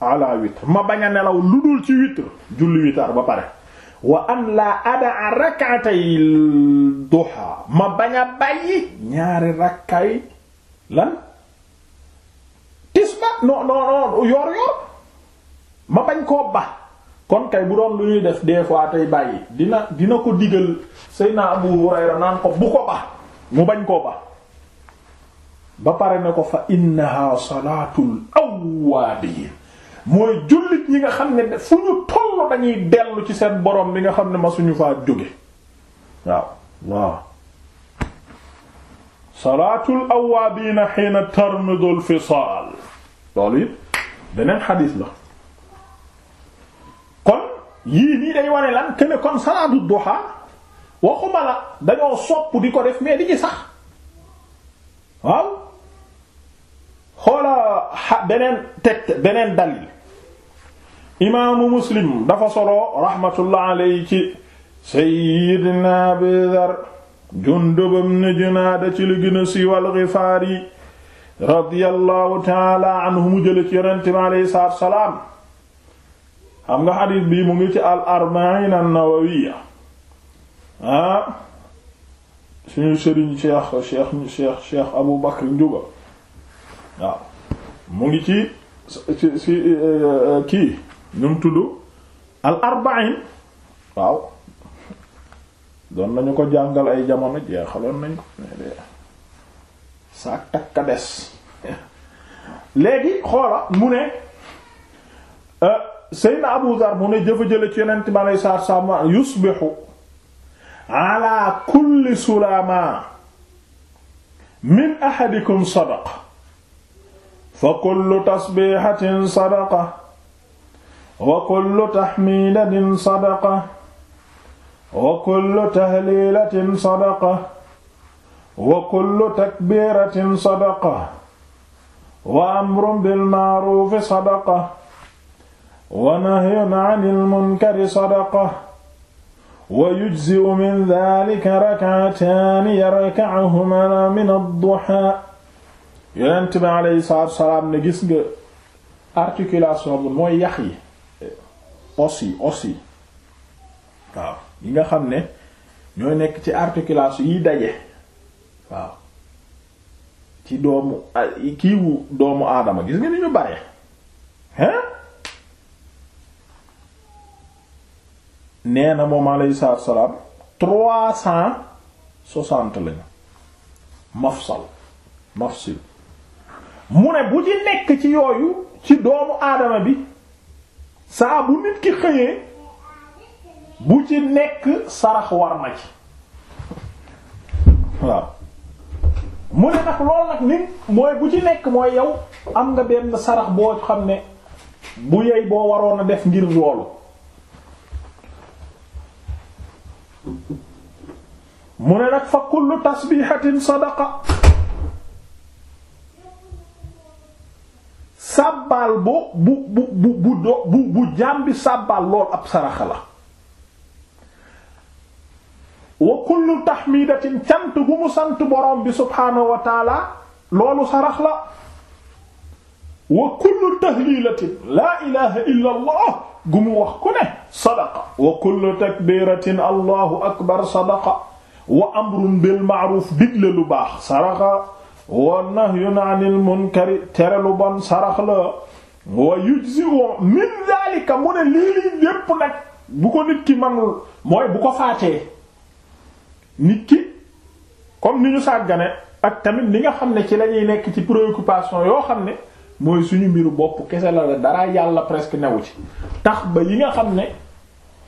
ala witr ma bañ nelaw lu dul ci witr julli witar ba pare wa an laa adaa rak'atay duha ma bañ bàyyi ñaari rakkaay lan tisba non non non yor ma bañ koo ba kon kay bu doon lu ñuy def des fois tey bàyyi dina dina ko digal Seydina Abu Hurayra naan ko bu ko ba mu bañ koo ba ba pare ne ko fa innaha salaatul awwaabiin mooy jullit ñi nga xam ne fu ñu tollu dañuy dellu ci seen borom bi nga xam ne ma suñu faa jóge waaw waaw salaatul awwaabiina hiina tarmidul fisaal loolu it beneen xadiis la kon yii nii day wane lan que ne kon salaatu duha waxuma la dañoo sopp di ko def mais di ci sax waaw beneen teg beneen dalil imaamu muslim dafa solo rahmatullah alayhi ci sayyidina Abuu Zarr Jundub ibn Junaada ci li gën a siiw al-Gifaari radiyallahu taala anhu mu jële ci yonent bi aleyhi salaatu salaam xam nga xadiis bii mu ngi ci al-Arba'iin an-Nawawiyya ah suñu sëriñ cheikh cheikh cheikh cheikh Abu Bakr Njuga waaw mu ngi ci ci ci eh, eh, kii ñu mu tudd al-Arba'iin waaw doon nañu ko jàngal ay jamono jeexaloon nañ ko saak takka des léegi xoola mu ne euh, Seydina Abu Dhar mu ne jëfa-jële ci yonent bi alei saatu salaam yusbihu ala kulli sulama min ahadikum sadaqa fa kullu tasbihatin sadaqa wa kullu tahmidatin sadaqa wa kullu tahliilatin sadaqa wa kullu takbiiratin sadaqa wa amrun bilma'ruufi sadaqa wa nahyun 'anil munkari sadaqa wa yujzi'u min dhaalika rak'ataani yarka'uhumaa min ad-duhaa yonent bi alayhi salaatu wa salaam ne gis nga articulation bi mooy yax yi os yi os yi waaw yi nga xam ne ñooy nekk ci articulation yi daje waaw ci doomu kiiwu doomu aadama gis nga ni ñu bare hein nee na moom alayhi salaatu wa salaam trois cent soixante lañu mafsal mafsil mu ne bu ci nekk ci yooyu ci doomu aadama bi saa bu nit ki xëyee bu ci nekk sarax war ma ci waaw mu ne nag loolu nag nit mooy bu ci nekk mooy yow am nga benn sarax boo xam ne bu yey boo waroon a def ngir loolu mu ne nag fa kullu tasbihatin sadaqa sàbbaal bu bu bu bu bu bu jàmbi sàbbaal lool ab saraxa la wa kullu tahmidatin cant bu mu sant borom bi subhaanahu wa taala loolu sarax la wa kullu tahlilatin laa ilaha illa allah gu mu wax ku ne sadaqa wa kullu takbiratin allahu akbar sadaqa wa amrun bil ma'ruf digle lu baax saraxa wa nahyun anil munkari tere lu bon sarax la wa yujzi min daalika mu ne lii lii lépp nag bu ko nit ki manul mooy bu ko faatee nit ki comme ni ñu sàggane ak tamit li nga xam ne ci lañuy nekk ci préoccupation yoo xam ne mooy suñu mbiru bopp kese la la dara yàlla presque newu ci tax ba yi nga xam ne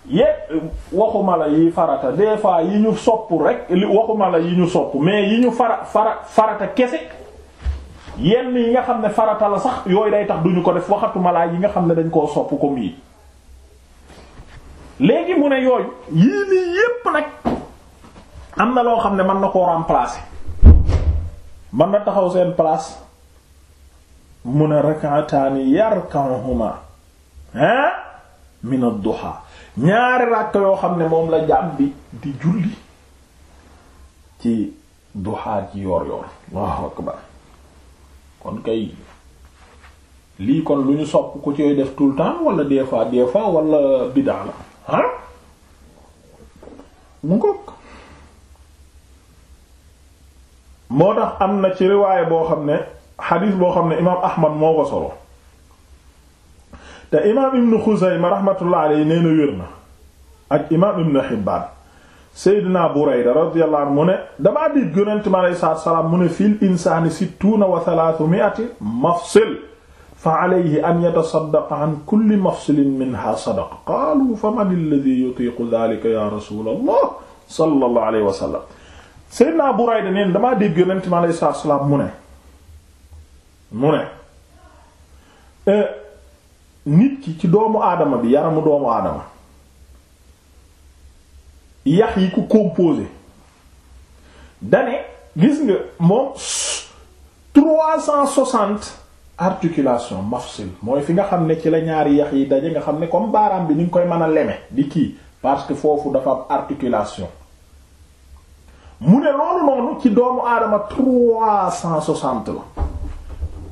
yépp waxuma la yi farata des fois yi ñu sopp rek waxuma la yi ñu sopp mais yi ñu fara fara farata kese yenn yi nga xam ne farata la sax yooyu day tax duñu ko def waxatuma laa yi nga xam ne dañ koo sopp ko yi léegi mu ne yooyu yii nii yépp nag am na loo xam ne mën na koo remplacer mën na taxaw seen place mu ne rak'ataani yarka'uhuma hein min ad-duha ñaari ràkk yoo xam ne moom la jàam bi di julli ci duha ci yoor yoor Allahu akbar kon kay lii kon lu ñu sopp ku ci def tout le temps wala des fois des fois wala bid'a la ah ngokk moo tax am na ci riwaaya boo xam ne xadiis boo xam ne imaam Ahmad moo ko solo te imaam Ibn Xuzayma rahmatullah alayhi nee na wér na ak imaam Ibn Hibbaan Seydina Burayda radiyallahu anhu mu ne damaa dégg Yonent mi alayhi salaatu wa salaam mu ne fil insaani sittuuna wa salaatu mi'ati mafsil fa alayhi an yatasaddaqa an kulli mafsilin minhaa sadaqa qaalu fa man alladhii yutiiqu dhaalika yaa rasuulallah sallallahu alayhi wa sallam Seydina Burayda neen damaa dégg yonent mi alayhi salaatu salaam mu ne mu ne euh, nit ki ci doomu aadama bi yaramu doomu aadama yax yi ko composé dane gis nga moom trois cent soixante articulation mafsil mooy fi nga xam ne ci la ñaari yax yi daje nga xam ne comme baaraam bi ni nga koy mën a leme di kii parce que foofu dafa am articulation mu ne loolu noonu ci doomu aadama trois cent soixante la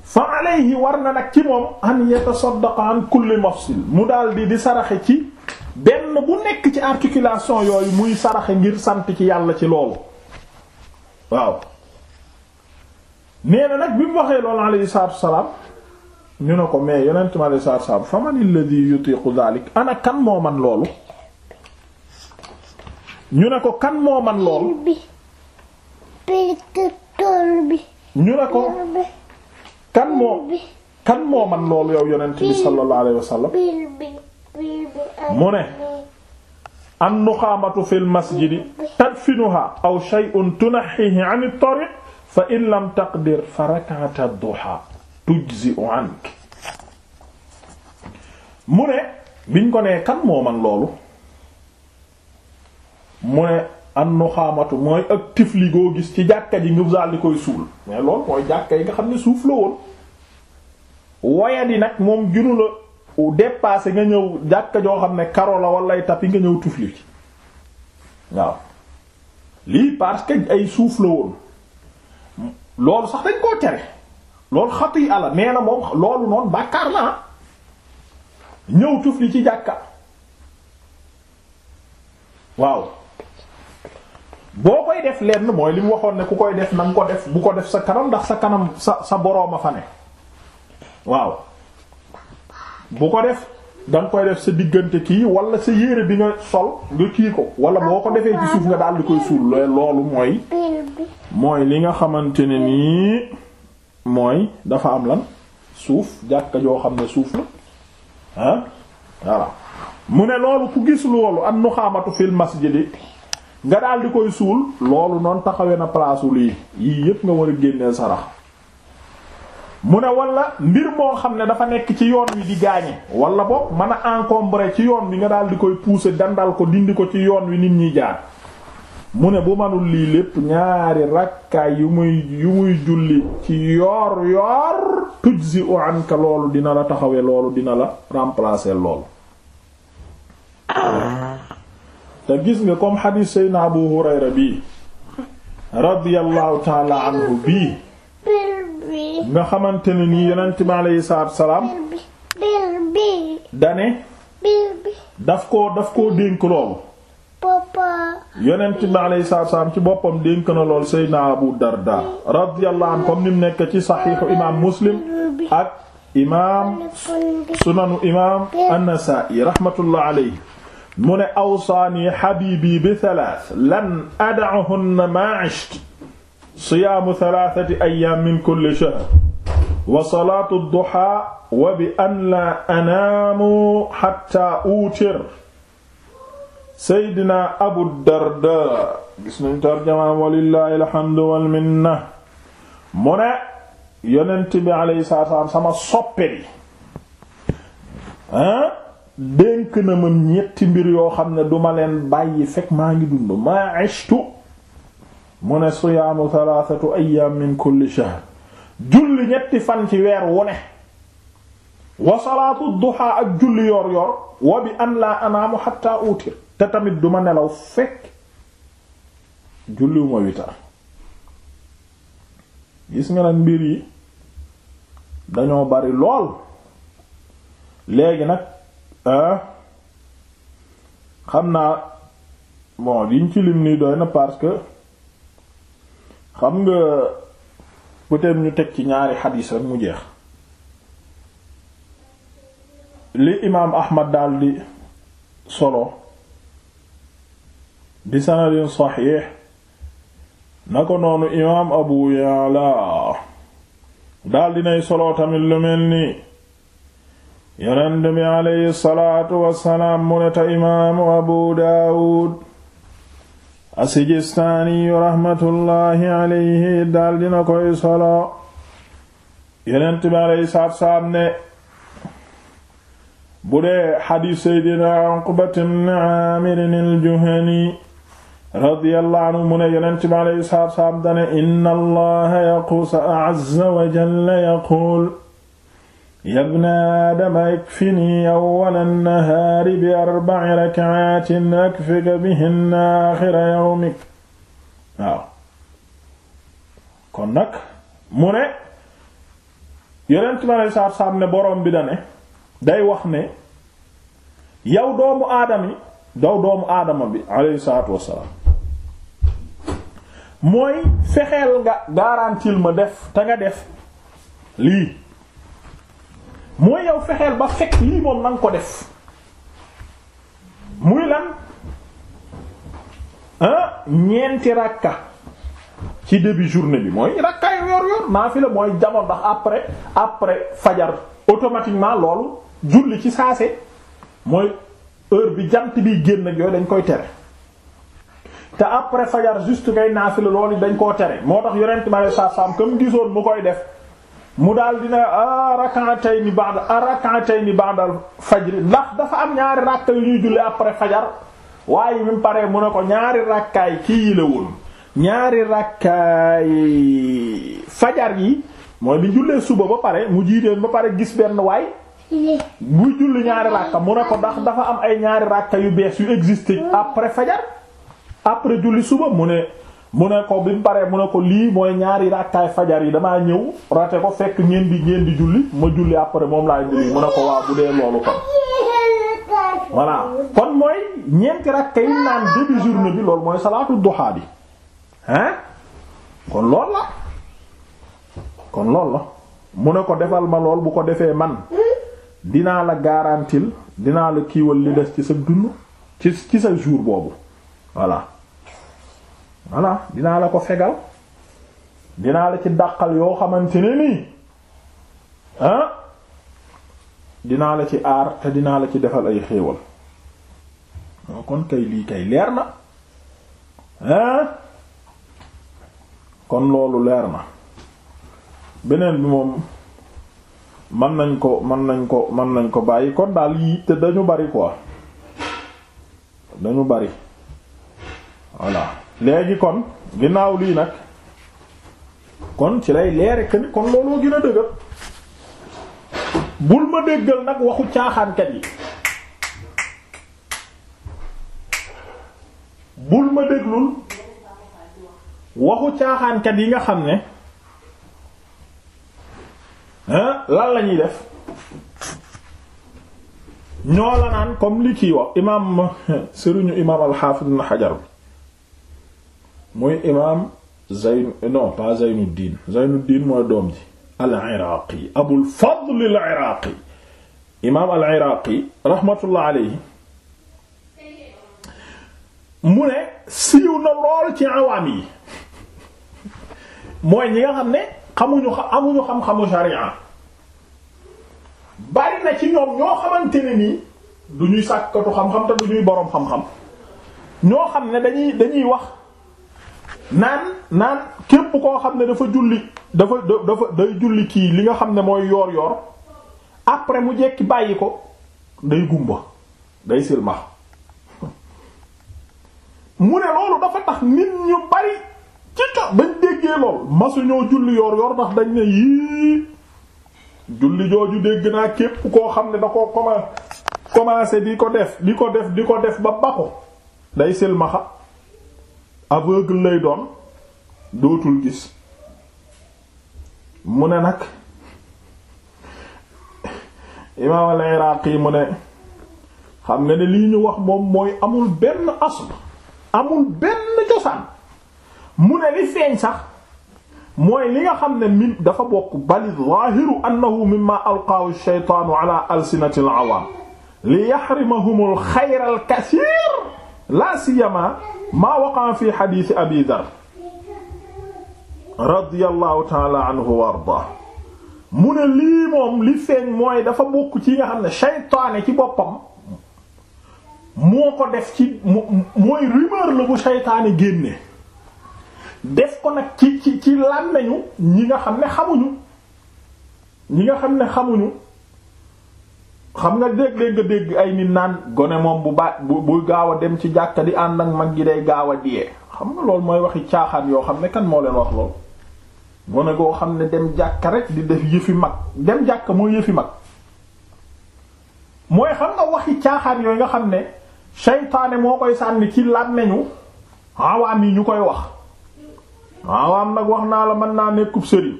fa alayhi war na nag ci moom an yatasaddaqa an kulli mafsil mu daal di di saraxe ci benn bu nekk ci articulation yooyu muy saraxe ngir sant ci yàlla ci loolu waaw nee na nag bi mu waxee loolu alayhi salaatu wasalaam ñu ne ko mais yonent mi alayhi salaatu wasalaam fa man alladhi yutiqu dhalik ana kan moo man loolu ñu ne ko kan moo man loolu ñu ne ko kan moo kan man loolu yow yonent sallallahu alayhi wa mu ne an nuxaamatu fil masjidi aw shay'un tunahihi 'an at fa in lam taqdir fa rak'at ad-duha 'ank mu ne biñ ko nee kan moo man loolu an nuxaamatu mooy ak tifli goo gis ci jàkka ji ñu daal di koy suul mais loolu mooy jàkka yi nga xam ne suuf la woon wayadi nag moom ginu la dépassé nga ñëw jàkka joo xam ne karo la walay tapi nga ñëw tifli ci parce suuf la woon loolu sax dañ yi ah. ñëw tifli ci jàkka waaw boo koy def lenn mooy li mu waxoon ne ku koy def na nga ko def bu ko def sa kanam ndax sa kanam sa sa borooma fa ne waaw bu ko def da koy def sa diggante kii wala sa yére bi nga sol nga kii ko wala boo ko defee ci suuf nga daal di koy suul loolu mooy mooy li nga xamante ne nii mooy dafa am lan suuf jàkka joo xam ne suuf la ah voilà mu ne loolu ku gis loolu an nuxaamatu fil masjidi nga daal di koy suul loolu noonu taxawee na place lii yii yépp nga war a génneel sarax mu ne wala mbir moo xam ne dafa nekk ci yoon wi di gaañe walla boog mën a encombrer ci yoon wi nga daal di koy pousser dandal ko dindi ko ci yoon wi nit ñi jaar mu ne bu manul lii lépp ñaari rakkaay yu muy yu muy julli ci yoor yoor tujzi u anka loolu dina la taxawee loolu dina la remplacer lool te gis nga comme xadiis sayna Abu Hurayra bii radiyallahu taala anhu bii nga xamante ne nii yonent bi aleyhi salaatu salaam dane daf koo daf koo dénk loolu yonent bi aleyhi salaatu ci boppam dénk na lool sayna Abu Darda radiyallahu anhu comme ni mu nekk ci saxiixu imaam Muslim ak imaam sunanu imaam An-Nasaa'i rahmatullah mu ne awsaani xabiibi bi thalath lan ad'ahunna ma 'ishtu siyaamu thalathati ayyam min kulli shahr wa salaatu ad-duha wa bi an la anaamu hatta utir seydina abu darda gis nañ tarjamaam walillahi alhamdu wal minna mu ne yonent bi alayhi salaatu wa salaam sama soppe bi ah, dénk na ma ñetti mbir yoo xam ne duma leen bàyyi fekk maa ngi dund maa ishtu mu ne siyaamu thalathatu ayyam min kulli shahr julli ñetti fan ci weer wu ne wa salaatu duha ak julli yor yor wa bi an laa anaamu hatta utir te tamit duma nelaw fekk julliwuma witar gis nga nag mbir yi dañoo bari lool léegi nag Euh? xam naa bon liñ ci lim nii doy na parce que xam nga peut ñu teg ci ñaari xadiis rek mu jeex li imaam Ahmad daal di solo bi sanadin saxiix na ko noonu imaam Abu Ya'la daal dinay solo tamit lu mel nii yonent bi aleyhi salaatu wassalaam mu ne te imaamu abu daawud asijistaaniyu raxmatullaahi aleyhi daal dina koy solo yonent bi aleyhi salaatu wassalaam ne bu dee xadiis seydina Uqbat ibn Aamir al-Juhani radiyallahu anhu mu ne yonent bi aleyhi salaatu wassalaam dane inna allaha yaqulu a'azza wa jalla yaqul yabna aadama ikfinii awwala nnahaari bi arbaci rakaatin akfika bihinna aaxira waaw kon nag mu ne yonent mi alei saatu salaam ne boroom bi dane day wax ne yow doomu aadami daw doomu aadama bi aleyhi salaatu mooy fexeel nga garantil ma def te nga def lii mooy yow fexeel ba fekk lii moom na nga ko def muy lan ah ñeenti rakka ci début journée bi mooy rakka yu yor yor naa fi la mooy jamono ndax après après fajar automatiquement loolu julli ci saase mooy heure bi jant bi génn ak yooyu dañ koy tere te après fajar juste ngay naafila loolu dañ koo tere moo tax yonent ma ne saa saam comme gisoon mu koy def mu daal dina ah rak'atayn ba'da ah rak'atayn ba'da fajr ndax dafa am ñaari rakka yu ñuy julli après fajar waaye bi mu paree mu ne ko ñaari rakkaay kii yi la woon ñaari rakkaay fajar yi mooy li jullee suba ba pare mu jiiteen ba pare gis benn waay buy julli ñaari rakka mu ne ko ndax dafa am ay ñaari rakka yu bees yu existé mm. après fajar après julli suba mu ne. mu ne ko bi mu paree mu ne ko lii mooy ñaari rakkaay fajar yi damaa ñëw rate ko fekk ngeen di ngeen di julli ma julli après moom laay julli mu ne ko waaw bu dee loolu kon voilà kon mooy ñeenti rakka yi naan début journée bi loolu mooy salaatu duha bi hein kon lool la kon lool la mu ne ko defal ma lool bu ko defee man dinaa la garantil dinaa la kiiwal li des ci sa dund ci ci sa jour boobu voilà voilà dinaa la ko fegal dinaa la ci dàqal yoo xamante ne nii dinaa la ci aar te dinaa la ci defal ay xéewal moo kon kay lii kay leer na ah kon loolu leer na beneen bi moom mën nañ ko mën nañ ko mën nañ ko bàyyi kon daal yi te dañu bari ko dañu bari voilà léegi kon ginnaaw lii nag kon ci lay leere que ni kon looloo gën a dëgër bul ma déggal nag waxu caaxaankat yi bul ma déglul waxu caaxaankat yi nga xam ne lan la ñuy def ñoo la naan comme li kii wax imaam sëriñu imaam alxaafis ibn Hajar muy imaam Zayn non pas Zaynuddin Zaynuddin mooy doom ji al-Iraqi Abul Fadl al-Iraqi imaam al-Iraqi rahmatullah alayhi mu ne siiw na lool ci awaam yi mooy ñi nga xam ne xamuñu amuñu xam-xamu sharia bari na ci ñoom ñoo xamante ne nii du ñuy sàkkatu xam-xam te du ñuy boroom xam-xam ñoo xam ne dañuy dañuy wax. naan naan képp koo xam ne dafa julli dafa dafa day julli kii li nga xam ne mooy yoor yoor après mu jekki bàyyi ko day gumba day silmax mu ne loolu dafa tax nit ñu bari ci co bañ déggee lool masuñoo julli yoor yoor ndax dañ ne yii julli jooju dégg naa képp koo xam ne da ko commencé di ko def di ko def di ko def ba ba ko day silmaxa aveugle lay doon dootul gis mu ne nag imaam al-Iraqi yi mu ne xam nga ne lii ñu wax moom mooy amul benn asl amul benn cosaan mu ne li feeñ sax mooy li nga xam ne min dafa bokk bali zaahiru annahu mimma alqaahu ash-shaytaanu ala alsinati al-awaam li al-xayra al-kasiir la siyama maa waqa fi xadiisi abi dar radiyallahu taala anhu wa arda mu ne lii moom li feeñ mooy dafa bokk ci nga xam ne shaytaane ci boppam moo ko def ci mooy rumeur la bu shaytaane génne def ko nag ci ci ci làmmeñu ñi nga xam ne xamuñu ñi nga xam ne xamuñu xam nga dégg nga dégg ay nit naan gone moom bu baat bu bu gaaw a dem ci jàkka di ànd ak mag gi day gaaw a diyee xam nga loolu mooy waxi caaxaan yoo xam ne kan moo leen wax lool gone goo xam ne dem jàkka di def yëfi mag dem jàkka mooy yëfi mag mooy xam nga waxi caaxaan xam ne seytaane moo koy sànni ci làmmeñu awaam ñu koy wax awaam nag wax naa la mën naa nekkub sëriñ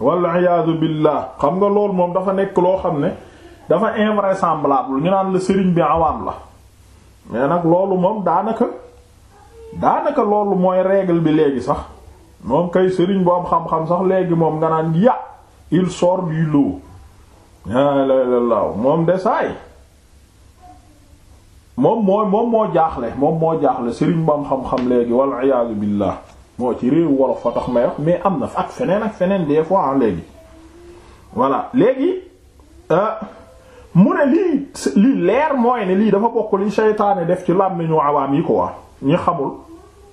wal iyaadu billah xam nga loolu moom dafa nekk loo xam ne dafa invraisemblable ñu naan la sëriñ bi awaam la mais nag loolu moom daanaka daanaka loolu mooy régle bi léegi sax moom kay sëriñ bu am xam-xam sax léegi moom nga naan ya il sort du lot la laa moom moom mooy moom jaaxle moom moo jaaxle sëriñ bu am xam-xam léegi wal iyaadu billah moo ci réew wolof fa tax may wax mais am na fa ak feneen ak feneen des fois léegi voilà léegi euh, mu ne lii li leer mooy ne lii dafa bokk li seytaane def ci làmmiñu awaam yi ko wa ñi xamul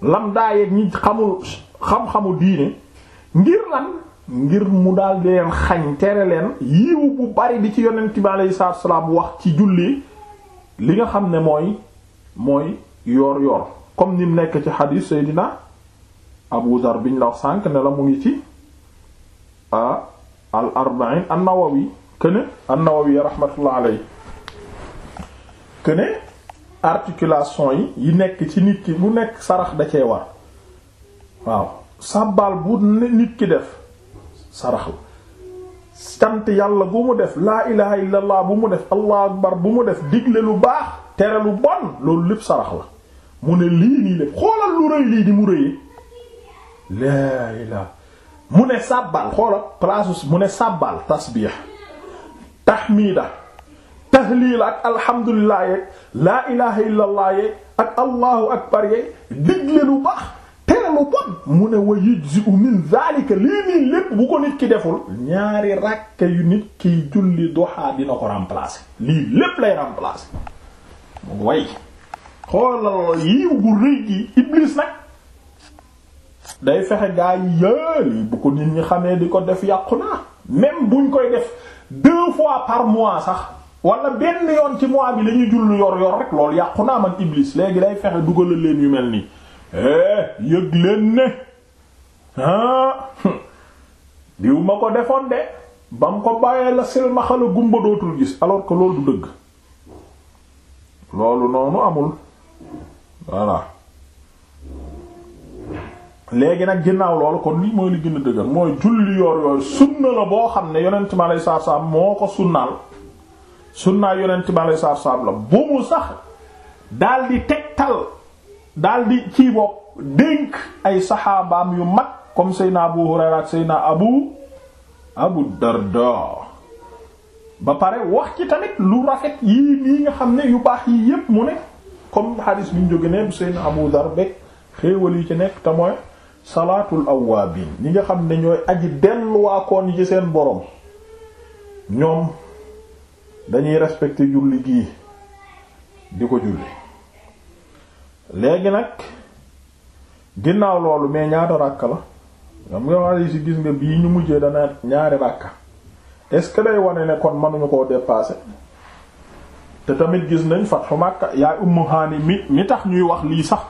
lam daayeeg ñi xamul xam-xamu diine ngir lan ngir mu daal di leen xañ tere leen yiiw bu bari di ci yonent bi alayhi salaam wax ci julli li nga xam ne mooy mooy yoor yoor comme ni mu nekk ci xadiis Seydina Abu Dar biñ law wax sànq ne la mu ngi ci ah, al arba'in an-Nawawi këne an-Nawawi rahmatullah alayhi këne articulation yi yi nekk ci nit ki bu nekk sarax da cee war waaw sàbbaal bu nit ki def sarax la sant yàlla bu mu def laa ilaha illa bu mu def allahu akbar bu mu def digle lu baax tere lu bon loolu lépp sarax la mu ne lii nii lépp xoolal lu rëy lii di mu rëyee laa ilaha mu ne sàbbaal xoolal place mu ne sàbbaal tasbiix tahmida tahliil ak alhamdulillah yeeg laa ilaha illallah yeeg ak allahu akbar yeeg digle lu baax tere lu bon mu ne wa yujzi'u min zalika lii nii lépp bu ko nit ki deful ñaari ràkk yu nit kiy julli duha dina ko remplacer lii lépp lay remplacer way xoolal yiw bu rëy gi iblis day fexe gaa yi yël bu ko nit ñi xamee di ko def yàqu naa même buñ koy def deux fois par mois sax wala benn yoon ci mois bi la ñuy jullu yor-yor rek loolu yàqu naa man Iblis léegi day fexe dugalal leen yu mel nii. Eh, yëg leen ne ah diw ma ko defoon de ba mu ko bàyyee la silmaxala gumba dootul gis alors ko loolu du dëgg loolu noonu amul voilà. léegi nag ginnaaw loolu kon lii mooy li gën a dëgër mooy julli yoor yooyu sunna la boo xam ne yonent mi aleyhi salaatu salaam moo ko sunnaal sunnaal yonent mi aleyhi salaatu salaam la bu mu sax daal di tegtal daal di ci bopp dénk ay saxaabaam yu mag comme Seyna Abu Hurayra ak Seyna Abu Abu Darda ba pare wax ci tamit lu rafet yii nii nga xam ne yu baax yii yépp mu ne comme xadis bi ñu jóge ne Seyna Abu Dar beeg xéewal yi ci nekk te salaatul awwaabiin ñi nga xam ne ñooy aji delluwaakoon yi ci seen borom ñoom dañuy respecter julli gii di ko julli léegi nag ginnaaw loolu mais ñaata ràkk la xam nga wax si gis nga bii ñu mujjee dana ñaari ràkka est-ce que day wane ne kon mënuñu koo dépasser te tamit gis nañ Fathu Makka yaay Ummu Haani mi mi tax ñuy wax lii sax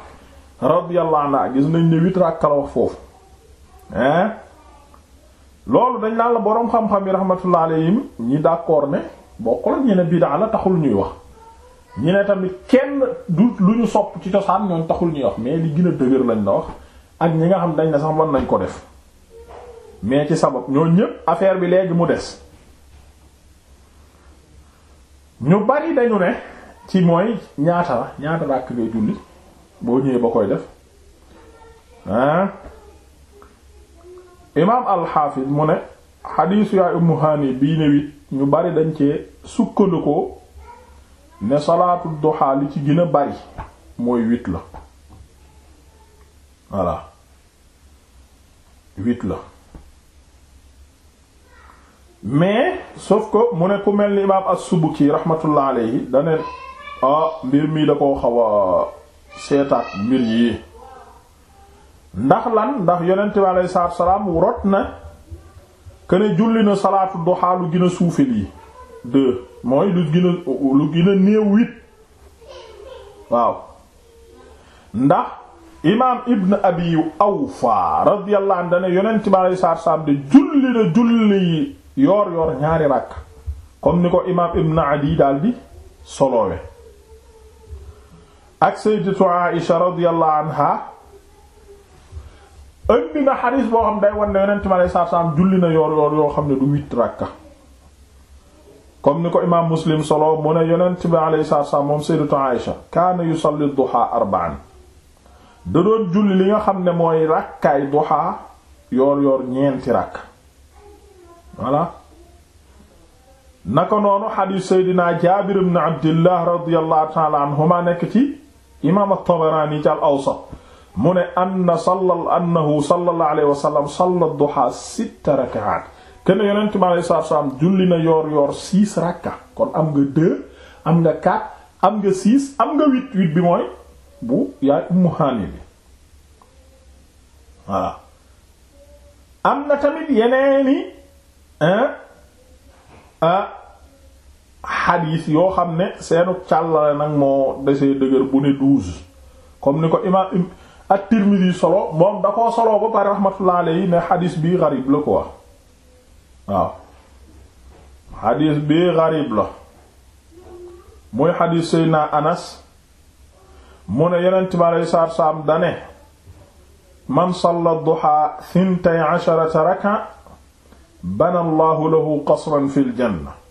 radiyallahu anha gis nañ ne huit ràkka la wax foofu hein loolu dañ naan la boroom xam-xam yi rahmatullah alayhim ñi d'accord ne bokk la ñu ne bid'a la taxul ñuy wax ñi ne tamit kenn du lu ñu sopp ci cosaan ñoon taxul ñuy wax mais li gën a dëgër lañ la wax ak ñi nga xam dañ ne sax mën nañ ko def mais ci sabab ñoo ñëpp affaire bi léegi mu des ñu bari dañu ne ci mooy ñaata la ñaata ràkk ngay julli boo ñëwee ba koy def ah imaam alxaafis mu ne xadiisu yaay ummu hani bii newit ñu bari dañ cee sukkandikoo ne salaatu duha li ci gën a bari mooy huit la voilà huit la mais sauf ko mu ne ku mel ni imaam as-Subuki rahmatullah alayhi da ah, mbir mii da koo xaw a seetaat mbir yi ndax lan ndax yonent bi aleyhi salaatu salaam rot na këne julli na salaatu duha lu gën a suufe lii deux mooy lu gën lu gën néew huit waaw ndax imaam ibn abi awfa radiyallahu anhu dana yonent bi aleyhi salaatu salaam de julli na julli yoor yoor ñaari rakk comme ni ko imaam ibn adi daal di ak sayyidatu Aisha radiyallahu anha indi na xadis boo xam day wan ne yonent mi alayhi julli na yoor yoor yoo xam ne du huit rakka comme ni ko imaam Muslim solo mu ne yonent bi alayhi salaatu salaam moom sayyidatu Aisha kaana yusalli duha arba'an da doon julli li nga xam ne mooy rakkaay duha yoor yoor ñeenti rakk voilà naka noonu xadiis Seydina Jaabir ibn Abdillah radiyallahu ta'ala anhuma nekk ci imaam at-Tabarani ci al-Awsat mu ne anna sallal annahu sallallahu alayhi wa sallam salla duha sitta rak'at kenn yonent mi julli na yoor yoor six rakka kon am nga deux am nga quatre am nga six am nga huit huit bi mooy bu yaay Ummu Haani bi voilà am na tamit yeneeni ah xadiis yoo xam ne seenu càllale nag moo desee dëgër bu ne comme ni ko imaam at-Tirmidhi solo moom da koo solo ba pare rahmatullah alayhi ne xadiis bi garib la quoi waaw xadiis bi garib la muy xadiis Seydina Anas mu ne yonent bi alayhi salaatu wa salaam dane man salla duha thintay asharata raka bana Allahu lahu qasran fil janna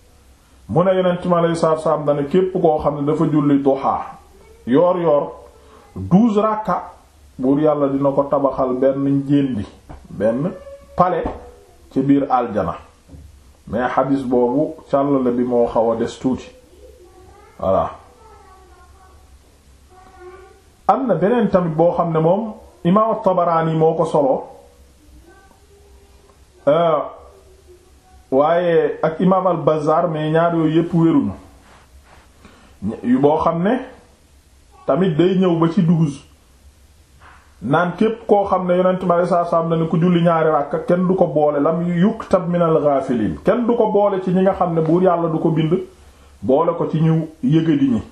mu ne yonent mi aleyhi salaatu salaam dana képp koo xam ne dafa julli duha yoor yoor douze rakka buur yàlla dina ko tabaxal benn njéndi benn palais ci biir aljana mais xadis boobu càllale bi moo xaw a des tuuti voilà am na beneen tamit boo xam ne moom imaam Tabaraani moo ko solo euh, waaye ak imaam al Bazzaar mais ñaar yooyu yépp wéruñu boo xam ne tamit day ñëw ba ci douze naan képp koo xam ne yonent ma saa saam na ne ku julli ñaari ràkka kenn du ko boole lam yuktab minal ghafilin kenn du ko boole ci ñi nga xam ne buur yàlla du ko bind boole ko ci ñu yëgadi ñi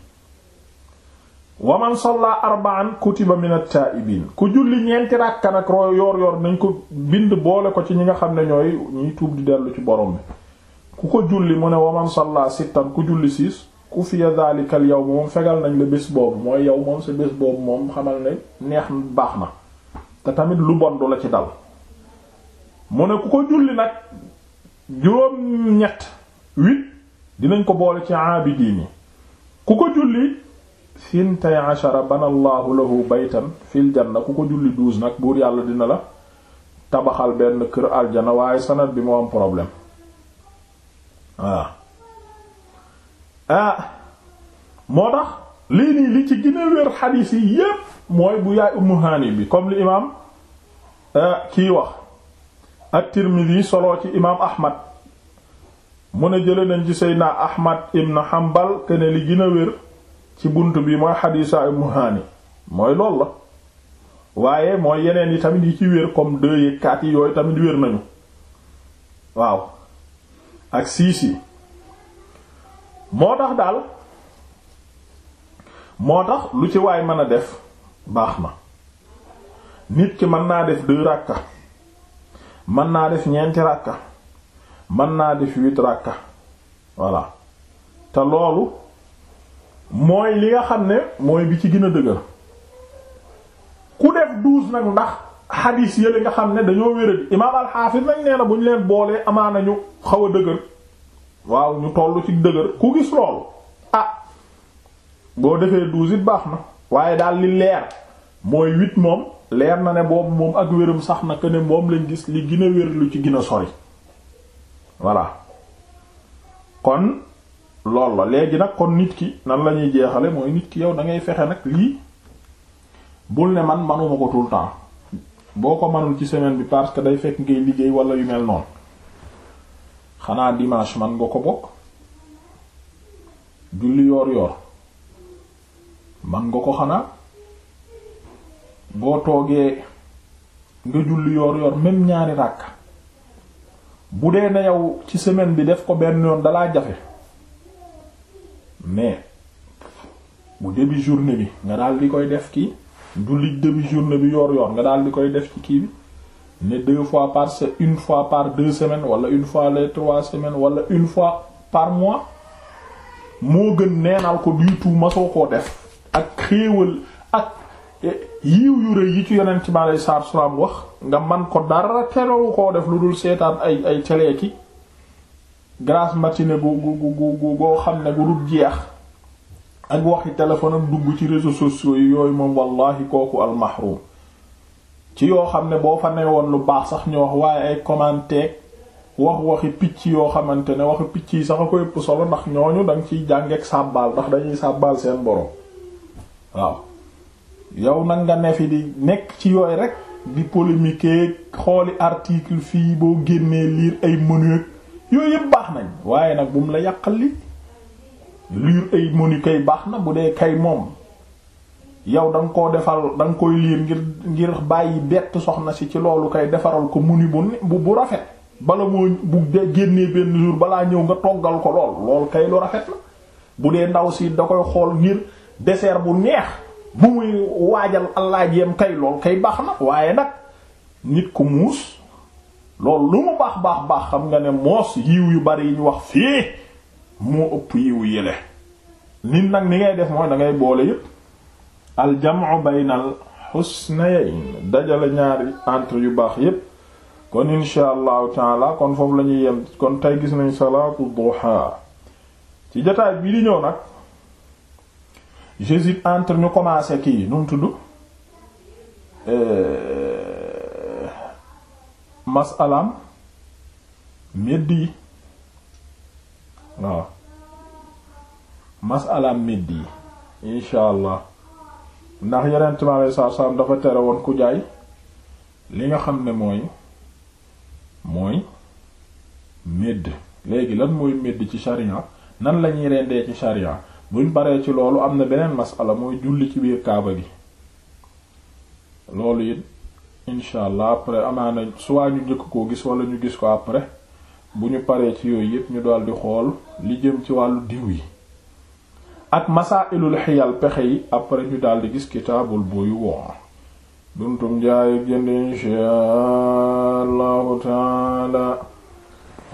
wa man salla arba'an kutiba min at-taa'ibin ku julli ñeenti ràkka nag roo yoor yoor nañ ko bind boole ko ci ñi nga xam ne ñooy ñuy tuub di dellu ci borom bi ku ko julli mu ne wa man salla sittan ku julli siis ku fiya dhalika al moom fegal nañ la bés boobu mooy yow moom sa bés boobu moom xamal ne neex baax na te tamit lu bon du la ci dal mu ne ku ko julli nag juróom ñett huit dinañ ko boole ci aabidiin yi ku ko julli sintay ashara banallahu lahu baytan fil janna ku ko julli douze nag buur yàlla dina la tabaxal benn kër aljana waaye sanad bi moo am problème waaw ah moo tax lii nii li ci gën a wér xadiis yi yépp mooy bu yaay ummu haani bi comme li imaam ah, kii wax at-Tirmidhi soloo ci imaam Ahmad mu ne jële ci Seydina Ahmad ibn Hanbal te ne li gën wér ci bunt bi mooy xadiisa ibnu haani mooy lool la waaye moo yeneen yi tamit yi ci wér comme deux yi quatre yi yooyu tamit wér nañu waaw ak siis moo tax daal moo tax lu ci waay mën a def baax na nit ki mën naa def deux ràkka mën naa def ñeenti ràkka mën naa def huit ràkka voilà te loolu mooy li nga xam ne mooy bi ci gën a dëgër ku def douze nag ndax xadiis yële nga xam ne dañoo wéradi imaam alxaafis nag nee na bu ñu leen boolee amaana ñu xaw a dëgër waaw ñu tollu ci dëgër ku gis loolu ah boo defee douze it baax na waaye daal di leer mooy huit moom leer na ne boobu moom ak wéram sax na que moom lañ gis li gën a lu ci gën a sori voilà kon lool la léegi nag kon nit ki nan la ñuy jeexale mooy nit ki yow da ngay fexe nag lii bul ne man manuma ko tout temps boo ko manul ci semaine bi parce que day fekk ngay liggéey wala yu mel noonu xanaa dimanche man nga ko bokk julli yoor yoor man nga ko xanaa boo toogee nga julli yoor yoor même ñaari ràkk bu dee na yow ci semaine bi def ko benn yoon dalaa jafe mais bu début journée bi nga daal di koy def kii julli début journée bi yoor yor nga daal di koy def ci kii bi ne deux fois par se une fois par deux semaine wala une fois les trois semaine wala une fois par mois moo gën neenal ko du tout ma soo koo def ak xéewal ak yiw yu yi ci yonent bi alayhi salaatu wa salaam wax nga man ko dara terewu koo def lu dul seetaan ay ay télé grasse matinée gu gu gu goo xam ne gu dul jeex ak waxi téléphone am dugg ci réseaux sociaux yi yooyu moom wallahi kooku al ci yoo xam ne boo fa newoon lu baax sax ñu wax waaye ay commentaire wax waxi picc yoo xamante ne waxi picc yi sax a ko ëpp solo ndax ñooñu danga ciy jàngeek sàbbaal ndax dañuy sàbbaal seen borom waaw yow nag nga ne fi di nekk ci yooyu rek di polémique xooli article fii boo génnee lire ay mëneek yooyu yëpp baax nañ waaye nag bu mu la yàqal li liir ay menu kay baax na bu dee kay moom yow da nga koo defal danga nga koy liir ngir ngir bàyyi bett soxna si ci loolu kay defaral ko menu bu bu rafet bala moo bu génnee benn jour balaa ñëw nga toggal ko lool lool kay lu rafet la bu dee ndaw si da koy xool ngir dessert bu neex bu muy waajal allaajeem kay lool kay baax na waaye nag nit ku muus loolu lu mu baax baax baax xam nga ne moos yiw yu bari yi ñu wax fii moo ëpp yiw yële nit nag ni ngay def mooy da ngay boole yépp aljamu baynal husnayn dajale ñaari entre yu baax yépp kon insha allahu taala kon foofu la ñuy yem kon tey gis nañu salaatu duha ci jotaay bii di ñëw nag j'hésite entre ñu commencer kii nu mu tudd euh, masalaam meddi yi waaw masalaam meddi yi incha allah ndax yeneen mi alei saatu salaam dafa tere woon ku jaay li nga xam ne mooy mooy medd léegi lan mooy medd ci sharia nan lañuy rendee ci sharia buñ baree ci loolu am na beneen masala mooy julli ci biir kaaba gi loolu it incha allah après amaana soit ñu njëkk koo gis wala ñu gis ko après bu ñu paree ci yooyu yëpp ñu daal di xool li jëm ci wàllu diw yi ak masaa xiyal pexe yi après ñu daal di gis kitaabul buyu woon buntum jaay jënd inshaa allahu taala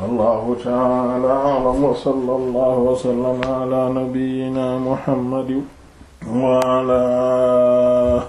allahu taala alam wa sallallahu wa sallama ala nabiyyina muhammadin wa ala